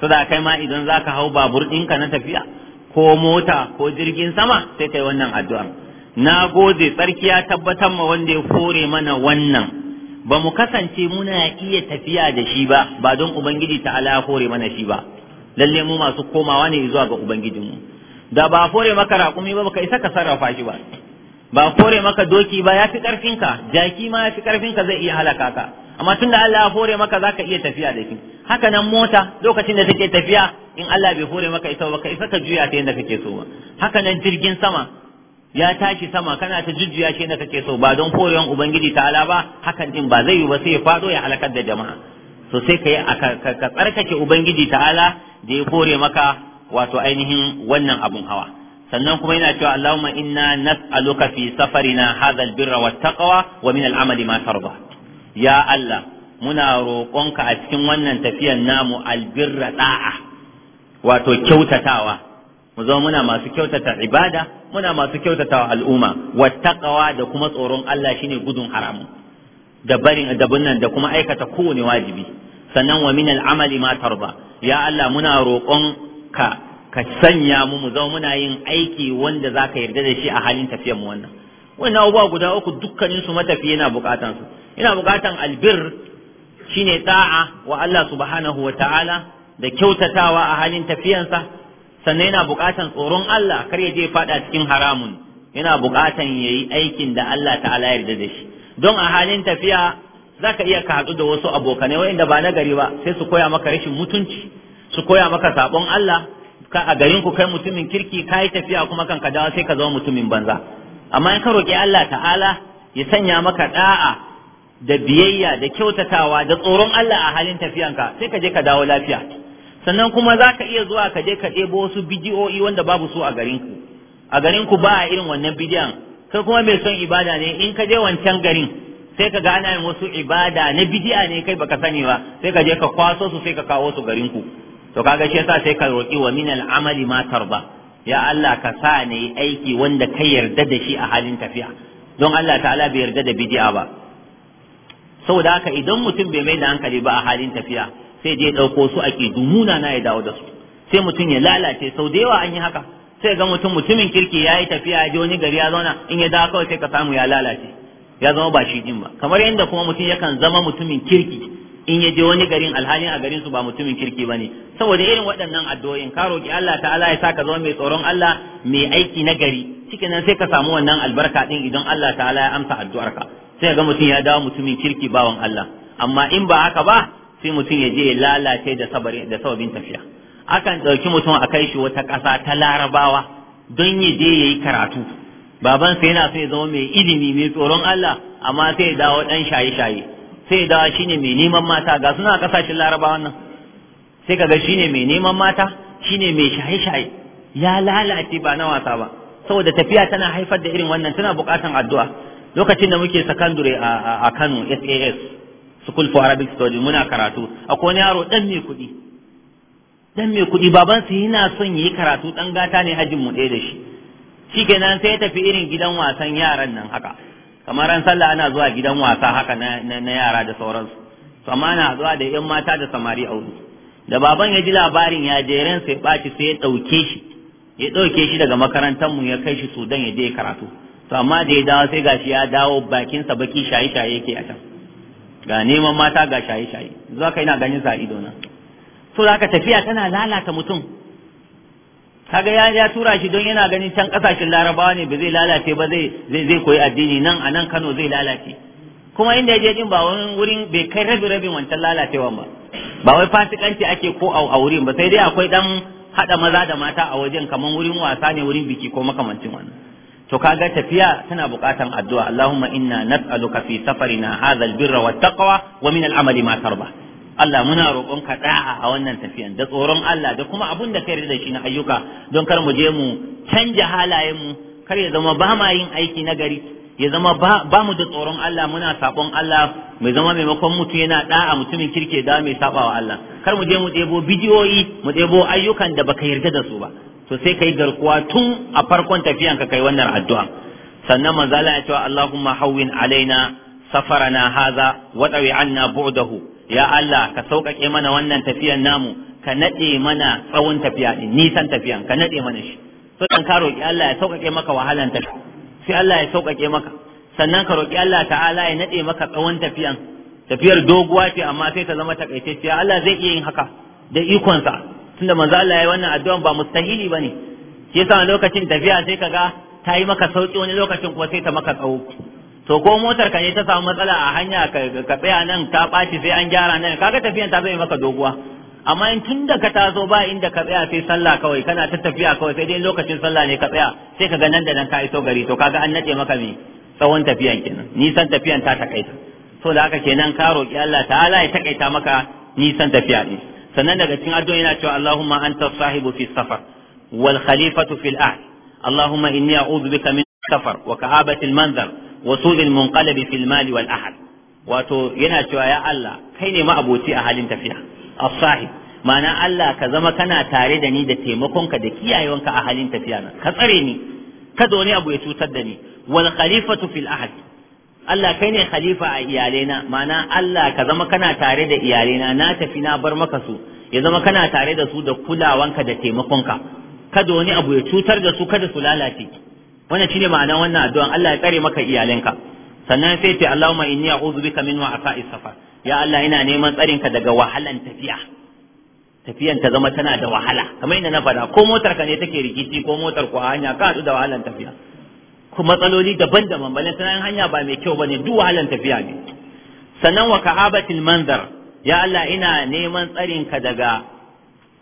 su da kai ma idan za ka hau babur ɗinka na tafiya ko mota ko jirgin sama sai kai wannan addu'a na gode tsarkiya tabbatar ma wanda ya fore mana wannan ba mu kasance muna iya tafiya da shi ba ba don ubangiji ta'ala ya fore mana shi ba lalle mu masu komawa ne zuwa ga ubangijinmu da ba fore maka raƙumi ba ka isa ka sarrafa shi ba ba fore maka doki ba ya fi ƙarfinka jaki ma ya fi ƙarfinka zai iya halaka ka amma tun da Allah ya fore maka za ka iya tafiya da shi haka nan mota lokacin da take tafiya in Allah bai fore maka isa ba ka isa ka juya ta yadda kake so ba haka nan jirgin sama ya tashi sama kana ta jujjuya shi yadda kake so ba don forewan ubangiji ta'ala ba hakan din ba zai yi ba sai ya fado ya halakar da jama'a so sai ka ka tsarkake ubangiji ta'ala da ya fore maka wato ainihin wannan abun hawa sannan kuma yana cewa Allahumma inna nas'aluka fi safarina hadha albirra wattaqwa wa min al'amali ma tarda ya Allah muna roƙonka a cikin wannan tafiyan namu albirra da'a wato kyautatawa mu zama muna masu kyautata ibada muna masu kyautatawa al'umma wattaqwa da kuma tsoron Allah shine gudun haramu da barin adabun nan da kuma aikata kowane wajibi sannan wa min al'amali ma tarda ya Allah muna roƙon ka ka sanya mu mu zama muna yin aiki wanda za ka yarda da shi a halin tafiyar mu wannan wannan abubuwa guda uku dukkanin su matafi yana bukatan su yana bukatan albir shine ta'a wa Allah subhanahu wa ta'ala da kyautatawa a halin tafiyansa sannan yana bukatan tsoron Allah kar ya je faɗa cikin haramun yana bukatan yayi aikin da Allah ta'ala yarda da shi don a halin tafiya zaka iya ka hadu da wasu abokanai wanda ba na gari ba sai su koya maka rashin mutunci su koya maka sabon Allah ka a garin ku kai mutumin kirki ka yi tafiya kuma kan ka dawo sai ka zama mutumin banza amma in ka roƙi Allah ta'ala ya sanya maka da'a da biyayya da kyautatawa da tsoron Allah a halin tafiyanka sai ka je ka dawo lafiya sannan kuma za ka iya zuwa ka je ka ɗebo wasu bidiyo'i wanda babu su a garin ku a garin ku ba a irin wannan bidiyan kai kuma mai son ibada ne in ka je wancan garin sai ka gana yin wasu ibada na bidiya ne kai baka sani ba sai ka je ka kwaso su sai ka kawo su garin ku to kaga shi yasa sai ka roki wa min al'amali ma tarda ya Allah ka sa ne aiki wanda ka yarda da shi a halin tafiya don Allah ta'ala bai yarda da bidi'a ba saboda haka idan mutum bai mai da hankali ba a halin tafiya sai je ɗauko su a dumuna na ya dawo da su sai mutum ya lalace sau da yawa an yi haka sai ga mutum mutumin kirki ya yi tafiya ya je wani gari ya zauna in ya dawo kawai sai ka samu ya lalace ya zama ba shi din ba kamar yadda kuma mutum yakan zama mutumin kirki in ya je wani garin alhalin a garin su ba mutumin kirki bane saboda irin waɗannan addu'o'in ka roki Allah ta'ala ya saka zama mai tsoron Allah mai aiki na gari cikin nan sai ka samu wannan albarka din idan Allah ta'ala ya amsa addu'arka sai ga mutum ya dawo mutumin kirki bawan Allah amma in ba haka ba sai mutum ya je ya lalace da sabari da sababin tafiya akan ɗauki mutum a kai shi wata ƙasa ta larabawa don ya je ya yi karatu babansa yana so ya zama mai ilimi mai tsoron Allah amma sai ya dawo ɗan shaye-shaye sai dawa shine mai neman mata ga suna kasashen laraba wannan sai kaga shine mai neman mata shine mai shaye-shaye ya lalace ba na wasa ba saboda tafiya tana haifar da irin wannan tana bukatan addu'a lokacin da muke secondary a Kano SAS School for Arabic Studies muna karatu akwai wani yaro dan mai kuɗi dan mai kuɗi sa yana son yi karatu dan gata ne hajjin mu ɗaya da shi shikenan sai ya tafi irin gidan wasan yaran nan haka kamar an sallah ana zuwa gidan wasa haka na yara da sauransu to amma ana zuwa da yan mata da samari a wuri da baban ya ji labarin ya je ran sai ɓaci sai ya dauke shi ya ɗauke shi daga makarantar mu ya kai shi Sudan ya je karatu to amma da ya dawo sai gashi ya dawo bakin sa baki shaye shaye yake a can ga neman mata ga shaye shaye zuwa kai na ganin sa ido na to da tafiya tana lalata mutum kaga ya ya tura shi don yana ganin can kasashen larabawa ne ba zai lalace ba zai zai koyi addini nan a nan Kano zai lalace kuma inda ya din ba wani wurin bai kai rabi rabin wancan lalacewan ba ba wai fasikanci ake ko a wurin ba sai dai akwai dan hada maza da mata a wajen kamar wurin wasa ne wurin biki ko makamancin wannan to kaga tafiya tana bukatan addu'a Allahumma inna nas'aluka fi safarina hadha albirra wattaqwa wa min al'amali ma tarba Allah muna roƙon ka a wannan tafiyan da tsoron Allah da kuma abun da ka yarda da shi na ayyuka don kar mu je mu canja halayen mu kar ya zama ba ma yin aiki na gari ya zama ba mu da tsoron Allah muna sabon Allah mai zama maimakon mutu yana ɗa'a mutumin kirke da mai sabawa Allah kar mu je mu ɗebo bidiyoyi mu ɗebo ayyukan da baka yarda da su ba to sai kai garkuwa tun a farkon tafiyan ka kai wannan addu'a sannan manzala ya ce Allahumma hawwin alaina safarana haza wa anna bu'dahu ya Allah ka sauƙaƙe mana wannan tafiyan namu ka naɗe mana tsawon tafiya ɗin nisan tafiyan ka naɗe mana shi so dan ka roƙi Allah ya sauƙaƙe maka wahalan tafiya sai Allah ya sauƙaƙe maka sannan ka roƙi Allah ta'ala ya naɗe maka tsawon tafiyan tafiyar doguwa ce amma sai ta zama takaitacciya Allah zai iya yin haka da ikonsa tunda manzo Allah ya yi wannan addu'a ba mustahili bane shi yasa lokacin tafiya sai kaga ta yi maka sauki wani lokacin kuma sai ta maka tsawo to ko motar ka ne ta samu matsala a hanya ka tsaya nan ta ɓaci sai an gyara nan kaga tafiyan ta zai maka doguwa amma in tun da ka taso ba inda ka tsaya sai sallah kawai kana ta tafiya kawai sai dai lokacin sallah ne ka tsaya sai ka ga nan da nan ka iso gari to kaga an nace maka me tsawon tafiyan kenan nisan tafiyan ta takaita so da haka kenan ka roki Allah ta'ala ya takaita maka nisan tafiya din sannan daga cikin addu'a yana cewa Allahumma anta sahibu fi safar wal khalifatu fil ahd Allahumma inni a'udhu bika min safar wa ka'abati al manzar وسوء المنقلب في wal والأهل wato yana cewa ya Allah kai ne ma'aboci a halin tafiya as ma'ana Allah ka zama kana tare da ni da ka da kiyayewanka a halin tafiya na ka tsare ni kada wani abu ya cutar da ni wal khalifatu fil Allah kai ne khalifa a iyalena ma'ana Allah ka zama kana tare da iyalena na tafi na bar maka su ya zama kana tare da su da kulawanka da taimakonka kada wani abu ya cutar da su kada su lalace wannan shine ma'ana wannan addu'an Allah ya tsare maka iyalanka sannan sai ce Allahumma inni a'udhu bika min wa'afa'i safar ya Allah ina neman tsarinka daga wahalan tafiya tafiyan ta zama tana da wahala kamar yadda na faɗa ko motar ka ne take rikici ko motar ko hanya ka da wahalan tafiya matsaloli daban-daban balan tana hanya ba mai kyau bane duk wahalan tafiya ne sannan wa ka'abatil manzar ya Allah ina neman tsarin ka daga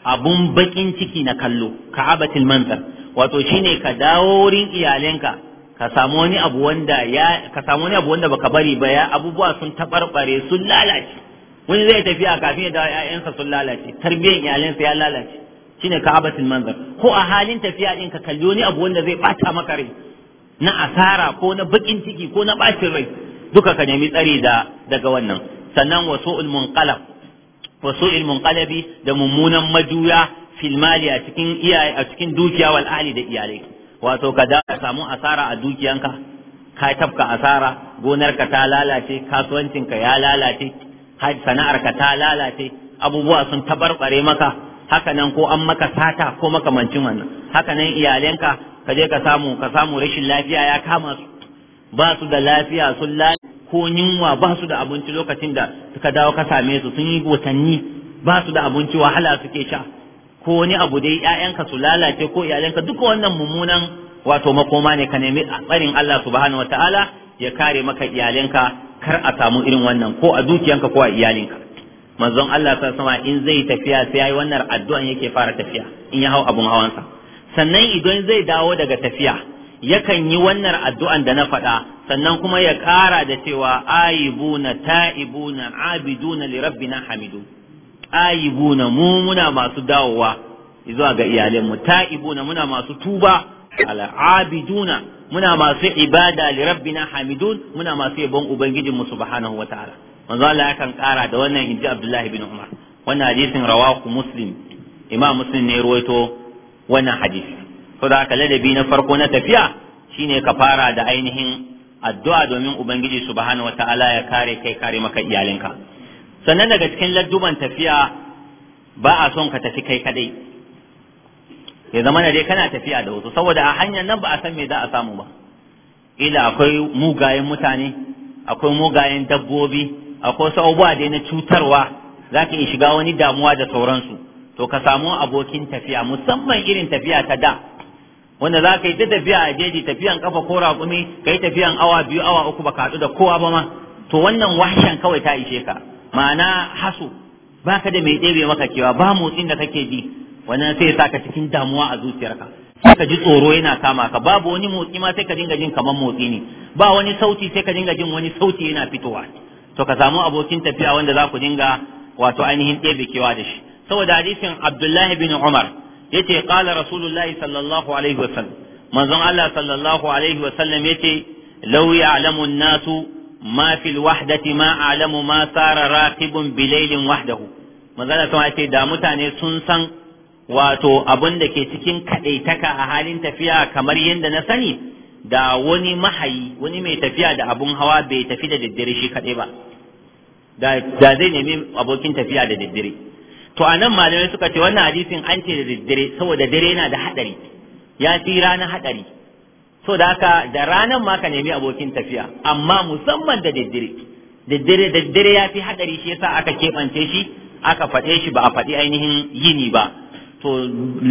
abun bakin ciki na kallo ka'abatil manzar wato shine ka dawo wurin iyalinka ka samu wani abu wanda ya ka samu wani abu wanda baka bari ba ya abubuwa sun tabarbare sun lalace wani zai tafiya kafin ya dawo ƴaƴansa sun lalace tarbiyyar iyalinsa ya lalace shine ka abatin manzar ko a halin tafiya din ka kalli wani abu wanda zai bata maka rai na asara ko na bakin ciki ko na bacin rai duka ka nemi tsari da daga wannan sannan wasu'ul wasu ilmun da mummunan majuya fil mali a cikin iyaye a cikin dukiya wal ahli da iyalai wato ka da samu asara a dukiyanka ka tafka asara gonarka ta lalace kasuwancinka ya lalace sana'arka ta lalace abubuwa sun tabarbare maka haka nan ko an maka sata ko makamancin wannan haka nan iyalenka ka je ka samu ka samu rashin lafiya ya kama su ba su da lafiya sun lalace ko yunwa ba su da abinci lokacin da suka dawo ka same su sun yi watanni ba su da abinci wahala suke sha ko wani abu dai ƴaƴanka su lalace ko iyalanka duka wannan mummunan wato makoma ne ka nemi tsarin Allah subhanahu wataala ya kare maka iyalanka kar a samu irin wannan ko a dukiyanka ko a iyalinka manzon Allah ta sama in zai tafiya sai yayi wannan addu'an yake fara tafiya in ya hau abun hawansa sannan idan zai dawo daga tafiya yakan yi wannan addu'an da na faɗa sannan kuma ya ƙara da cewa ayibuna ta'ibuna abiduna li rabbina hamidu ta'ibuna mu muna masu dawowa zuwa ga iyalanmu ta'ibuna muna masu tuba al'abiduna muna masu ibada li rabbina hamidun muna masu yabon ubangijinmu subhanahu wataala manzo Allah yakan kara da wannan inji Abdullahi bin Umar wannan hadisin rawahu Muslim Imam Muslim ne ruwaito wannan hadisi saboda haka ladabi na farko na tafiya shine ka fara da ainihin addu'a domin ubangiji subhanahu wataala ya kare kai kare maka iyalinka sannan daga cikin ladduban tafiya ba a son ka tafi kai kadai ya zama na dai kana tafiya da wasu saboda a hanyar nan ba a san me za a samu ba ila akwai mugayen mutane akwai mugayen dabbobi akwai wasu abubuwa dai na cutarwa za ka iya shiga wani damuwa da sauransu to ka samu abokin tafiya musamman irin tafiya ta da wanda za ka yi ta tafiya a jeji tafiyan kafa ko raƙumi ka yi tafiyan awa biyu awa uku ba ka haɗu da kowa ba ma to wannan washen kawai ta ishe ka ma'ana haso baka da mai ɗebe maka cewa ba motsin da kake ji wannan sai ya ka cikin damuwa a zuciyarka sai ka ji tsoro yana kama ka babu wani motsi ma sai ka dinga jin kamar motsi ne ba wani sauti sai ka dinga jin wani sauti yana fitowa to ka samu abokin tafiya wanda za ku dinga wato ainihin ɗebe kewa da shi saboda hadisin Abdullahi bin Umar yace qala Rasulullahi sallallahu alaihi wasallam manzon Allah sallallahu alaihi wasallam yace law ya'lamu an-nasu ma fil wahdati ma alamu ma sara raqibun bilailin wahdahu manzala sun ce da mutane sun san wato abun da ke cikin kadaitaka a halin tafiya kamar yadda na sani da wani mahayi wani mai tafiya da abun hawa bai tafi da daddare shi kadai ba da zai nemi abokin tafiya da daddare to nan malamai suka ce wannan hadisin an ce da daddare saboda dare yana da haɗari ya fi rana haɗari. so da haka da ranan ma ka nemi abokin tafiya amma musamman da daddare daddare daddare ya fi hadari shi yasa aka keɓance shi aka faɗe shi ba a faɗi ainihin yini ba to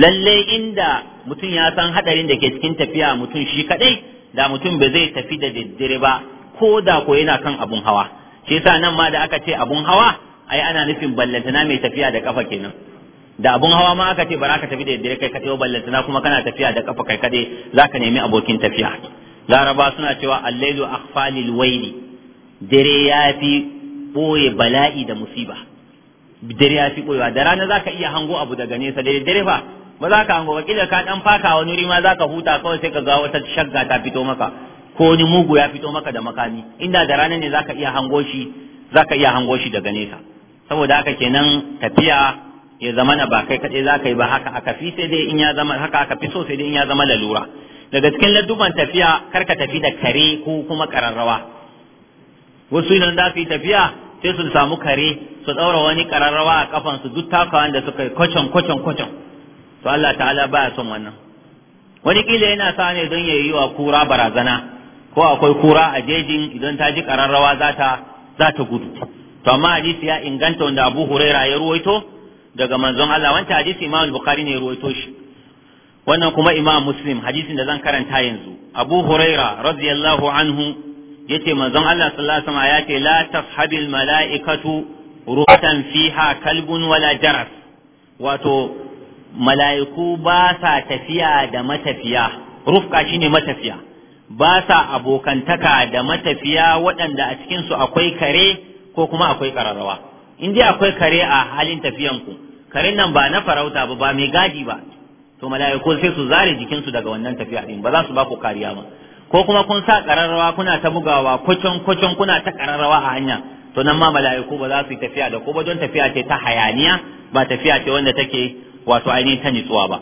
lalle inda mutum ya san hadarin da ke cikin tafiya mutum shi kadai da mutum ba zai tafi da daddare ba ko da ko yana kan abun hawa shi yasa nan ma da aka ce abun hawa ai ana nufin ballantana mai tafiya da kafa kenan da abun hawa ma aka ce bara ka tafi da yaddare kai kaɗai lantana kuma kana tafiya da kafa kai kaɗai za ka nemi abokin tafiya laraba suna cewa allailu akhfalil waili dare ya fi ɓoye bala'i da musiba dare ya fi ɓoyewa da rana za ka iya hango abu daga nesa da dare fa ba za ka hango ba kila ka ɗan faka wani wuri ma za ka huta kawai sai ka ga wata shagga ta fito maka ko wani mugu ya fito maka da makami inda da rana ne za ka iya hango shi za ka iya hango shi daga nesa saboda haka kenan tafiya ya zama na ba kai kaɗai za ka yi ba haka aka fi sai dai in ya zama haka aka fi so sai dai in ya zama lalura daga cikin ladduban tafiya kar ka tafi da kare ko kuma kararrawa wasu idan za su tafiya sai su samu kare su ɗaura wani kararrawa a kafan su duk takawan da suka yi kwacon kwacon to Allah ta'ala baya son wannan wani kila yana sa ne don ya yi wa kura barazana ko akwai kura a jejin idan ta ji kararrawa za ta za ta gudu to amma hadisi ya inganta wanda Abu Huraira ya ruwaito daga manzon Allah wancan hadisi Imam Bukhari ne ruwaito shi wannan kuma Imam Muslim hadisin da zan karanta yanzu Abu Huraira radiyallahu anhu yace manzon Allah sallallahu alaihi wasallam ya ce la tashabil mala'ikatu ru'atan fiha kalbun wala jaras wato mala'iku ba sa tafiya da matafiya rufka shine matafiya ba sa abokantaka da matafiya waɗanda a cikinsu akwai kare ko kuma akwai ƙararrawa in dai akwai kare a halin tafiyan ku karen nan ba na farauta ba ba mai gadi ba to mala'iku sai su zare jikinsu daga wannan tafiya din ba za su ba ku kariya ba ko kuma kun sa kararrawa kuna ta bugawa kwacon kwacon kuna ta kararrawa a hanya to nan ma mala'iku ba za su yi tafiya da ku ba don tafiya ce ta hayaniya ba tafiya ce wanda take wato ainihin ta nitsuwa ba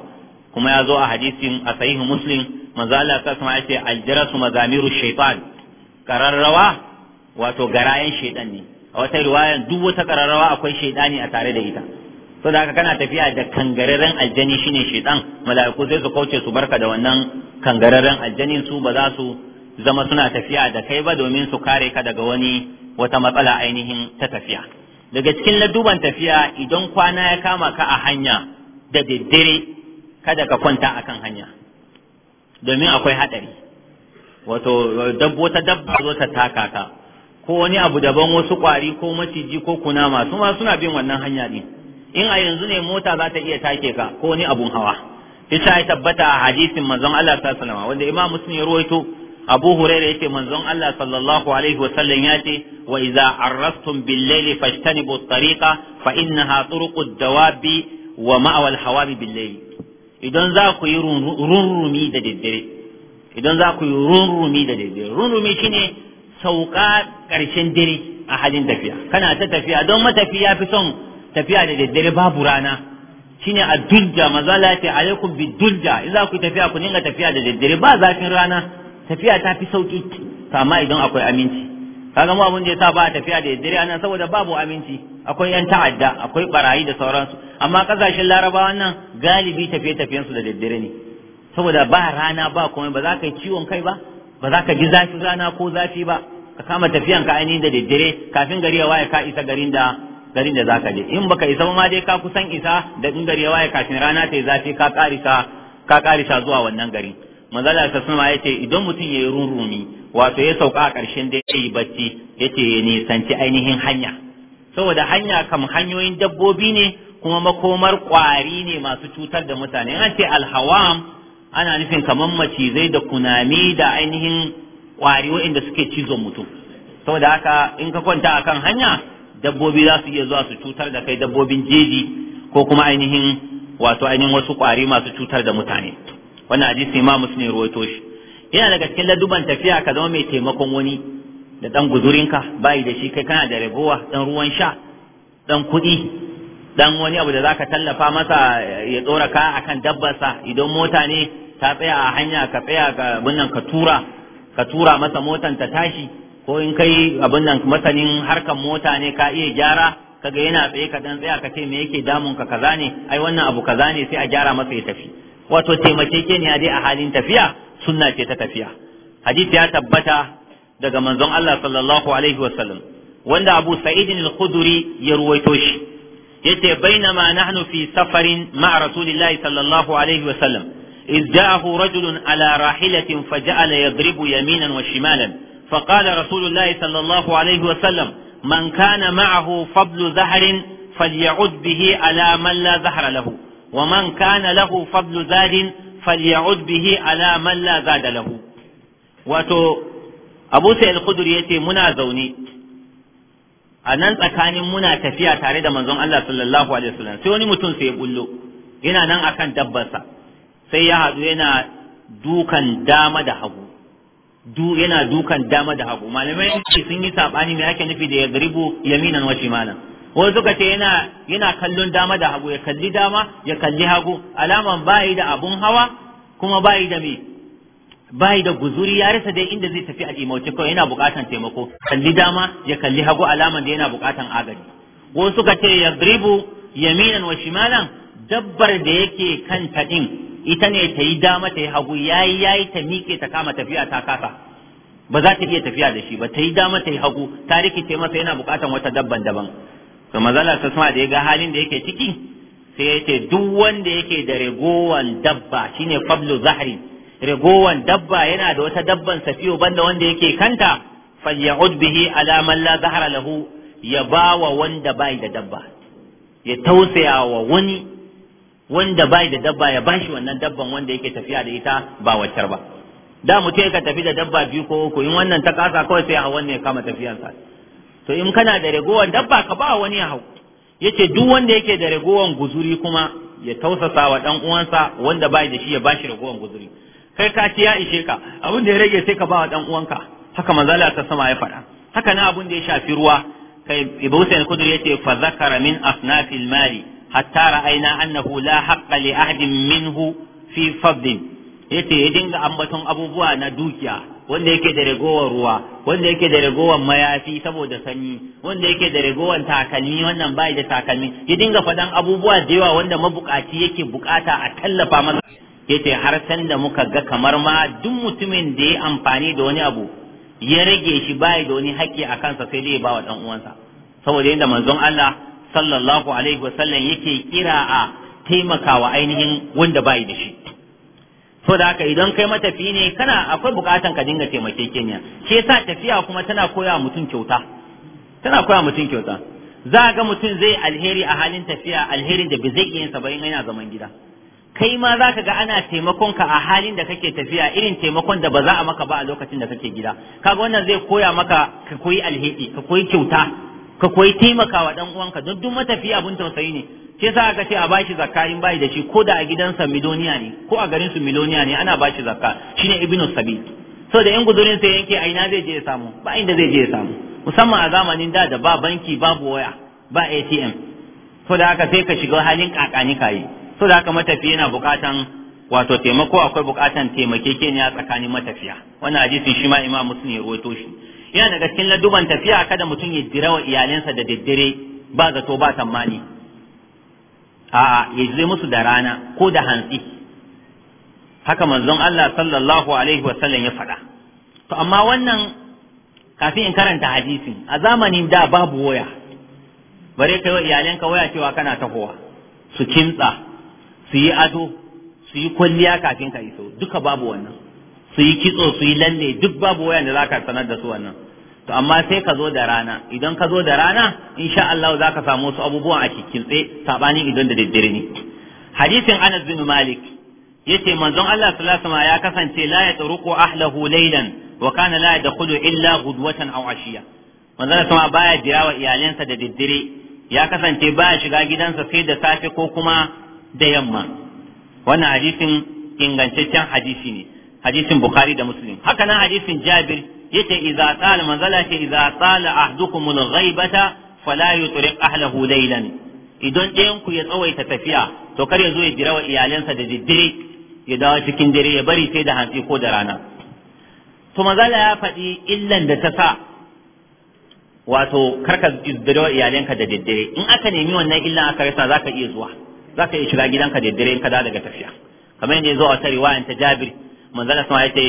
kuma ya zo a hadisin a sahihu muslim manzo Allah ya sama aljarasu mazamiru shaytan kararrawa wato garayen shaytan ne a wata riwayan duk wata kararrawa akwai shaidani a tare da ita to da kana tafiya da kangararren aljani shine shaidan mala'iku sai su kauce su barka da wannan kangararren aljanin su ba za su zama suna tafiya da kai ba domin su kare ka daga wani wata matsala ainihin ta tafiya daga cikin laduban tafiya idan kwana ya kama ka a hanya da daddare kada ka kwanta akan hanya domin akwai hadari wato dabbo ta dabba zo ta taka ka ko wani abu daban wasu kwari ko maciji ko kunama su ma suna bin wannan hanya din in a yanzu ne mota za ta iya take ka ko wani abun hawa ita ya tabbata a hadisin manzon Allah sallallahu alaihi wanda Imam Muslim ya ruwaito Abu Hurairah yace manzon Allah sallallahu alaihi wa sallam yace wa idza arrastum bil-layli fajtanibu at-tariqa fa innaha turuqud dawabi wa ma'wa al-hawabi bil-layli idan za ku yi runrumi da daddare idan za ku yi runrumi da daddare runrumi shine sauka ƙarshen dare a halin tafiya kana ta tafiya don matafiya fi son tafiya da daddare babu rana shine a dujja maza ta alaikum bi dulja in za ku tafiya ku dinga tafiya da daddare ba zafin rana tafiya ta fi sauki amma idan akwai aminci kaga mu abun da yasa ba a tafiya da daddare anan saboda babu aminci akwai yan ta'adda akwai ɓarayi da sauransu amma kasashen larabawa nan galibi tafiye tafiyen su da daddare ne saboda ba rana ba komai ba za ka yi ciwon kai ba ba za ka ji zafin rana ko zafi ba ka kama tafiyan ka ainihin da daddare kafin gari ya waye ka isa garin da garin da zaka je in baka isa ba ma dai ka kusan isa da in gari ya waye kafin rana ta yi zafi ka karisa ka karisa zuwa wannan gari manzala ta suma yace idan mutum yayi rurumi wato ya sauka a karshen da yayi bacci yace ya nisanci ainihin hanya saboda hanya kam hanyoyin dabbobi ne kuma makomar kwari ne masu cutar da mutane an ce alhawam ana nufin kamar macizai da kunami da ainihin ƙwari waɗanda suke cizon mutum saboda haka in ka kwanta a kan hanya dabbobi za su iya zuwa su cutar da kai dabbobin jeji ko kuma ainihin wato ainihin wasu ƙwari masu cutar da mutane wannan hadisi ma ne ruwaito shi yana daga cikin laduban tafiya ka zama mai taimakon wani da dan guzurinka bayi da shi kai kana da rabuwa dan ruwan sha dan kuɗi dan wani abu da zaka tallafa masa ya tsora ka akan dabbarsa idan mota ne ta tsaya a hanya ka tsaya ga bunnan ka tura ka tura masa motan ta tashi ko in kai abin nan masanin harkan mota ne ka iya gyara kaga yana tsaye ka dan tsaya ka ce me yake damun ka kaza ne ai wannan abu kaza ne sai a gyara masa ya tafi wato taimakekeniya dai a halin tafiya sunna ce ta tafiya hadisi ya tabbata daga manzon Allah sallallahu alaihi wasallam wanda Abu Sa'id al-Khudri ya ruwaito shi yace bainama nahnu fi safarin ma'a Rasulillahi sallallahu alaihi wasallam إذ جاءه رجل على راحلة فجعل يضرب يمينا وشمالا فقال رسول الله صلى الله عليه وسلم من كان معه فضل زهر فليعد به على من لا زهر له ومن كان له فضل زاد فليعد به على من لا زاد له wato abu sai al ce muna zaune a nan tsakanin muna tafiya tare da manzon Allah sallallahu alaihi wasallam sai wani mutum sai ya bullo yana nan akan dabbarsa sai ya haɗu yana dukan dama da hagu du yana dukan dama da hagu malamai sun yi sabani me ake nufi da ya garibu yaminan wa shimalan wani suka ce yana yana kallon dama da hagu ya kalli dama ya kalli hagu alaman bayi da abun hawa kuma bayi da me bayi da guzuri ya rasa dai inda zai tafi al'imauci kawai yana bukatan taimako kalli dama ya kalli hagu alaman da yana bukatan agaji wasu suka ce ya gribu yaminan wa shimalan dabbar da yake kanta ɗin ita ne ta yi dama ta yi hagu ya yi ya yi ta miƙe ta kama tafiya ta kasa ba za ta iya tafiya da shi ba ta yi dama ta yi hagu ta rikice masa yana buƙatan wata dabban daban to mazala ta da ya ga halin da yake ciki sai ya ce duk wanda yake da regowan dabba shine fablo zahri regowan dabba yana da wata dabban safiyo banda wanda yake kanta falya'ud bihi ala man la zahara lahu ya bawa wanda bai da dabba ya tausaya wa wani wanda bai da dabba ya bashi wannan dabban wanda yake tafiya da ita ba waccar ba da mutum ka tafi da dabba biyu ko uku in wannan ta kasa kawai sai a wannan ya kama sa to in kana da ragowar dabba ka ba wani ya hau yace duk wanda yake da ragowar guzuri kuma ya tausasa wa dan uwansa wanda bai da shi ya bashi ragowar guzuri kai ka ci ya ishe ka abun da ya rage sai ka ba wa dan uwanka haka manzala ta sama ya faɗa haka na abun da ya shafi ruwa kai ibn Hussein Kudur yace fa zakara min asnafil mali hatta ra'ayna annahu la haqqa li ahadin minhu fi fadl yace ya dinga ambaton abubuwa na dukiya wanda yake da ragowar ruwa wanda yake da ragowar mayafi saboda sanyi wanda yake da ragowar takalmi wannan bai da takalmi ya dinga faɗan abubuwa da yawa wanda mabukaci yake bukata a tallafa masa yace har san da muka ga kamar ma duk mutumin da ya amfani da wani abu ya rage shi bai da wani haƙƙi a kansa sai dai ba wa dan uwansa saboda yanda manzon Allah sallallahu alaihi wasallam yake kira a taimakawa ainihin wanda bai da shi so da haka idan kai matafi ne kana akwai bukatan ka dinga kenya shi yasa tafiya kuma tana koya mutum kyauta tana koya mutum kyauta za ga mutum zai alheri a halin tafiya alherin da ba zai iya sa ba in yana zaman gida kai ma za ka ga ana taimakon ka a halin da kake tafiya irin taimakon da ba za a maka ba a lokacin da kake gida kaga wannan zai koya maka ka koyi alheri ka koyi kyauta ka koyi taimakawa ɗan uwanka don duk matafiya abun tausayi ne ke sa aka ce a bashi zakka in bai da shi ko da a gidansa miloniya ne ko a garin su miloniya ne ana bashi zakka shine ibnu sabi so da in guzurin sai yanke a ina zai je ya samu ba inda zai je ya samu musamman a zamanin da da ba banki babu waya ba ATM so da haka sai ka shiga halin kakani kayi so da haka matafi yana bukatan wato taimako akwai bukatan taimakekeniya tsakanin matafiya wannan hadisin shi ma imam muslim ya rawaito shi yana daga cikin laduban tafiya kada mutum ya jira wa iyalansa da daddare ba zato ba tsammani a ya je musu da rana ko da hantsi haka manzon Allah sallallahu alaihi wasallam ya faɗa to amma wannan kafin in karanta hadisin a zamanin da babu waya bare kai wa iyalanka waya cewa kana tahowa su kimtsa su yi ado su yi kwalliya kafin ka iso duka babu wannan su yi kitso su yi lalle duk babu wayan da ka sanar da su wannan to amma sai ka zo da rana idan ka zo da rana insha Allah za ka samu wasu abubuwan a cikin tsaye sabanin idan da daddare ne hadisin Anas bin Malik yace manzon Allah sallallahu alaihi ya kasance la ko ahlahu laylan wa kana la kudu illa ghudwatan aw ashiya manzon Allah baya jira wa iyalansa da daddare ya kasance baya shiga gidansa sai da safe ko kuma da yamma wannan hadisin ingantaccen hadisi ne hadisin bukhari da muslim haka nan hadisin jabir yace idza sala manzala ce idza bata ahdukum al-ghaibata fala yutriq ahlahu laylan idan ɗayan ku ya tsawaita tafiya to kar ya zo ya jira wa iyalansa da daddare ya dawo cikin dare ya bari sai da hantsi ko da rana to manzala ya faɗi illan da ta sa wato karka jira iyalanka da daddare in aka nemi wannan illan aka rasa ka iya zuwa ka iya shiga gidanka da daddare in ka dawo daga tafiya kamar yadda ya zo a wata riwayan ta Jabir manzon sama yace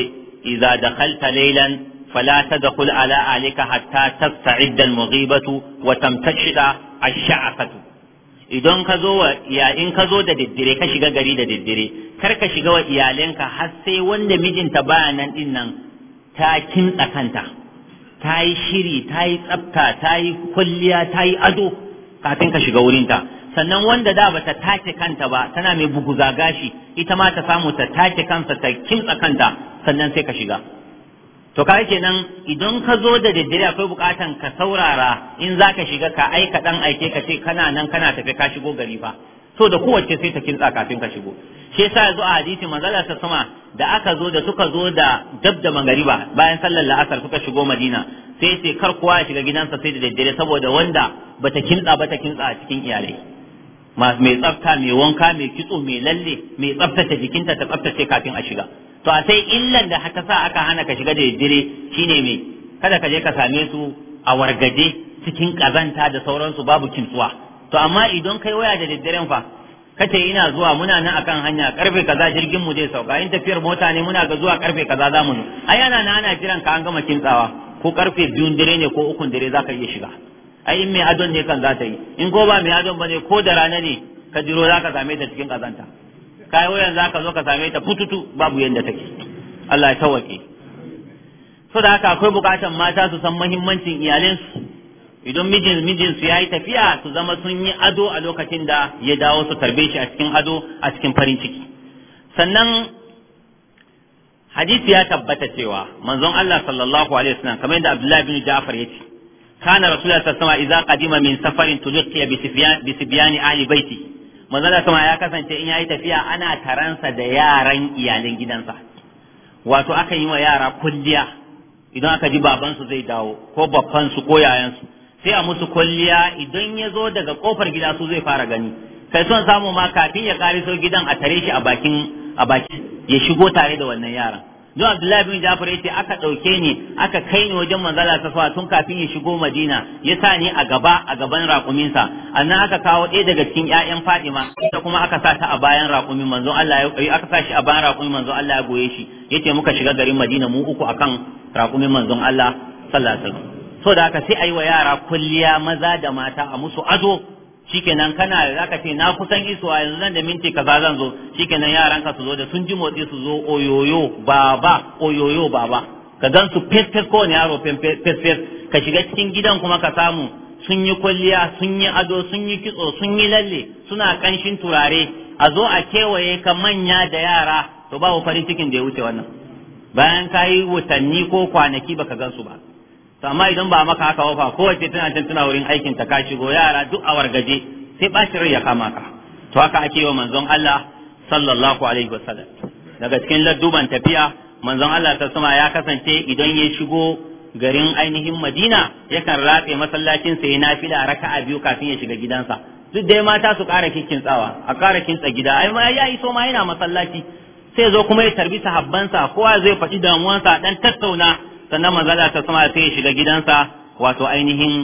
idza dakhalta laylan fala tadkhul ala alika hatta tasta'id al-mughibatu wa tamtashida ash-sha'afatu idan ka zo wa in ka zo da diddire ka shiga gari da diddire kar ka shiga wa iyalinka har sai wanda mijinta baya nan din nan ta kintsa kanta ta yi shiri ta yi tsafta ta yi kwalliya ta yi ado kafin ka shiga wurinta sannan wanda da bata take kanta ba tana mai buguza gashi ita ma ta samu ta take kansa ta kimtsa kanta sannan sai ka shiga to ka kenan idan ka zo da daddare akwai bukatan ka saurara in za ka shiga ka aika dan aike ka ce kana nan kana tafi ka shigo gari fa so da kowace sai ta kintsa kafin ka shigo shi yasa yazo a hadisi manzala ta sama da aka zo da suka zo da dab da magariba bayan sallar la'asar suka shigo madina sai sai kar kowa ya shiga gidansa sai da daddare saboda wanda bata kintsa bata kintsa a cikin iyalai mai tsafta mai wanka mai kitso mai lalle mai tsaftace jikinta ta tsaftace kafin a shiga to a sai illan da ta sa aka hana ka shiga da daddare shine mai kada ka je ka same su a wargaje cikin kazanta da sauransu babu kintsuwa to amma idan kai waya da daddaren fa ce ina zuwa muna nan akan hanya karfe kaza jirgin mu zai sauka in tafiyar mota ne muna ga zuwa karfe kaza za ai ana na ana jiran ka an gama kintsawa ko karfe biyun dare ne ko ukun dare za ka iya shiga ai in mai adon ne kan za yi in ko ba mai adon bane ko da rana ne ka jiro za ka same ta cikin kazanta kai wayan za ka zo ka same ta fututu babu yanda take Allah ya tawake so da haka akwai bukatan mata su san muhimmancin iyalinsu idan mijin mijin su yayi tafiya su zama sun yi ado a lokacin da ya dawo su tarbe shi a cikin ado a cikin farin ciki sannan hadisi ya tabbata cewa manzon Allah sallallahu alaihi wasallam kamar yadda Abdullah bin Ja'far ce. kana rasulullah sallallahu alaihi wasallam idza qadima min safarin tulqiya bi sibyani ahli baiti manzon sama ya kasance in yayi tafiya ana taransa da yaran iyalan gidansa wato aka yi wa yara kulliya idan aka ji babansu zai dawo ko baffansu ko yayansu sai a musu kulliya idan ya zo daga kofar gida su zai fara gani kai son samu ma kafin ya kariso gidan a tare shi a bakin a baki ya shigo tare da wannan yaran don abdullahi bin jafar yace aka ɗauke ni aka kai ni wajen manzala ta tun kafin ya shigo madina ya sa ni a gaba a gaban raƙuminsa annan aka kawo ɗaya daga cikin ƴaƴan fatima ita kuma aka sa ta a bayan raƙumin manzo Allah ya eh, aka sa a bayan raƙumin manzo Allah ya goye shi yace muka shiga garin madina mu uku akan raƙumin manzon Allah sallallahu alaihi wasallam so da haka sai ayi wa yara kulliya maza da mata a musu ado shikenan kana zaka ce na kusan a yanzu zan da minti kaza zan zo shikenan yaranka su zo da sun ji motsi su zo oyoyo baba oyoyo baba ka gan su fes ko ne yaro fes fes ka shiga cikin gidan kuma ka samu sun yi kwalliya sun yi ado sun yi kitso sun yi lalle suna kanshin turare a zo a kewaye ka manya da yara to babu farin cikin da ya wuce wannan bayan ka yi watanni ko kwanaki baka gan su ba to amma idan ba maka haka wafa kowace tana can tana wurin aikin ta ka shigo yara duk a wargaje sai bashi rai ya kama ka to haka ake yi wa manzon Allah sallallahu alaihi wasallam daga cikin ladduban tafiya manzon Allah ta sama ya kasance idan ya shigo garin ainihin Madina yakan ratse masallacin sa ya nafila raka'a biyu kafin ya shiga gidansa duk dai mata su ƙara kikin tsawa a ƙara kintsa gida ai ma ya iso ma yana masallaci sai zo kuma ya tarbi sahabbansa kowa zai faɗi damuwansa dan tattauna sannan Allah ta sama sai ya shiga gidansa wato ainihin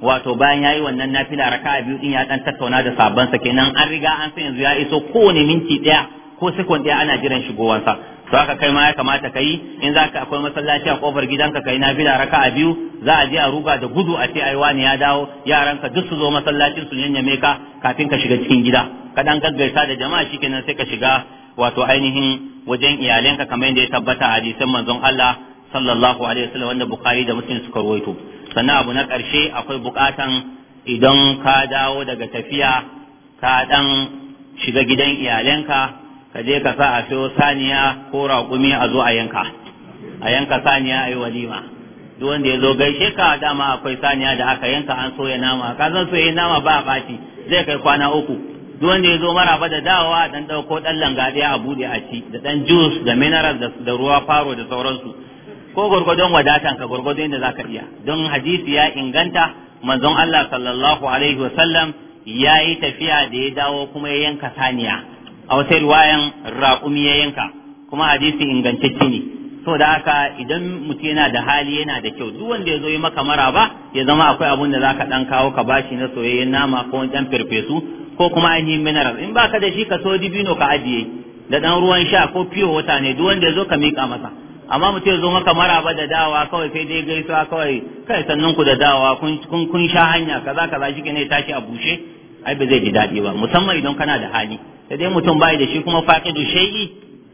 wato bayan yayi wannan nafila raka'a biyu din ya dan tattauna da sabban sa kenan an riga an san yanzu ya iso kowane minti daya ko sekon daya ana jiran shigowansa to haka kai ma ya kamata ka yi in za ka akwai masallaci a kofar gidanka kai nafila raka'a biyu za a je a ruga da gudu a ce ai wani ya dawo yaranka duk su zo masallacin su yanyame ka kafin ka shiga cikin gida ka dan gaggaisa da jama'a shikenan sai ka shiga wato ainihin wajen iyalanka kamar yadda ya tabbata a hadisin manzon Allah sallallahu alaihi wasallam wanda bukhari da muslim suka ruwaito sannan abu na ƙarshe akwai buƙatan idan ka dawo daga tafiya ka dan shiga gidan iyalenka ka je ka sa a sayo saniya ko raƙumi a zo a yanka a yanka saniya a yi walima duk wanda ya zo gaishe ka dama akwai saniya da aka yanka an soya nama ka zan soya nama ba a ɓaci zai kai kwana uku duk wanda ya zo maraba da dawa dan dauko dan langadiya a buɗe a ci da ɗan juice da mineral da ruwa faro da sauransu ko gwargwadon wadatan ka gurgudun da zaka iya don hadisi ya inganta manzon Allah sallallahu alaihi wasallam ya tafiya da ya dawo kuma ya yanka saniya a wata riwayan raƙumi ya yanka kuma hadisi ingantacce ne so da haka idan mutum yana da hali yana da kyau duk wanda ya zo yi maka maraba ya zama akwai abun da zaka dan kawo ka bashi na soyayyen nama ko dan farfesu ko kuma ainihin mineral in baka da shi ka so dibino ka ajiye da dan ruwan sha ko fiyo wata ne duk wanda ya zo ka mika masa amma mutum ya zo maka maraba da dawa kawai sai dai gaisuwa kawai kai sannan ku da dawa kun kun sha hanya kaza kaza shike ne tashi a bushe ai ba zai ji daɗi ba musamman idan kana da hali sai dai mutum bai da shi kuma faqidu shay'i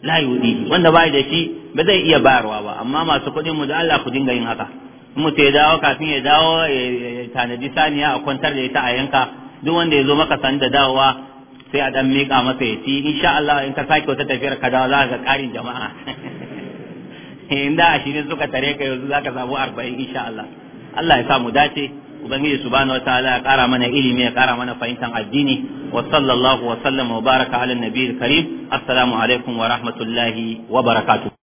la yudi wanda bai da shi ba zai iya bayarwa ba amma masu kuɗin mu da Allah ku dinga yin haka in mutum ya dawo kafin ya dawo ya tanadi saniya a kwantar da ita a yanka duk wanda ya zo maka san da dawowa sai a dan miƙa masa ya ci insha Allah in ka sake wata tafiyar ka dawo za ka ƙarin jama'a a ashirin suka tare ka yanzu zaka samu arba'in insha Allah Allah ya sa mu dace ubangiji subhanahu wa ta'ala ya kara mana ilimi ya kara mana fahimtar addini wa sallallahu wa sallama wa baraka ala nabiyil karim assalamu alaikum wa rahmatullahi wa barakatuh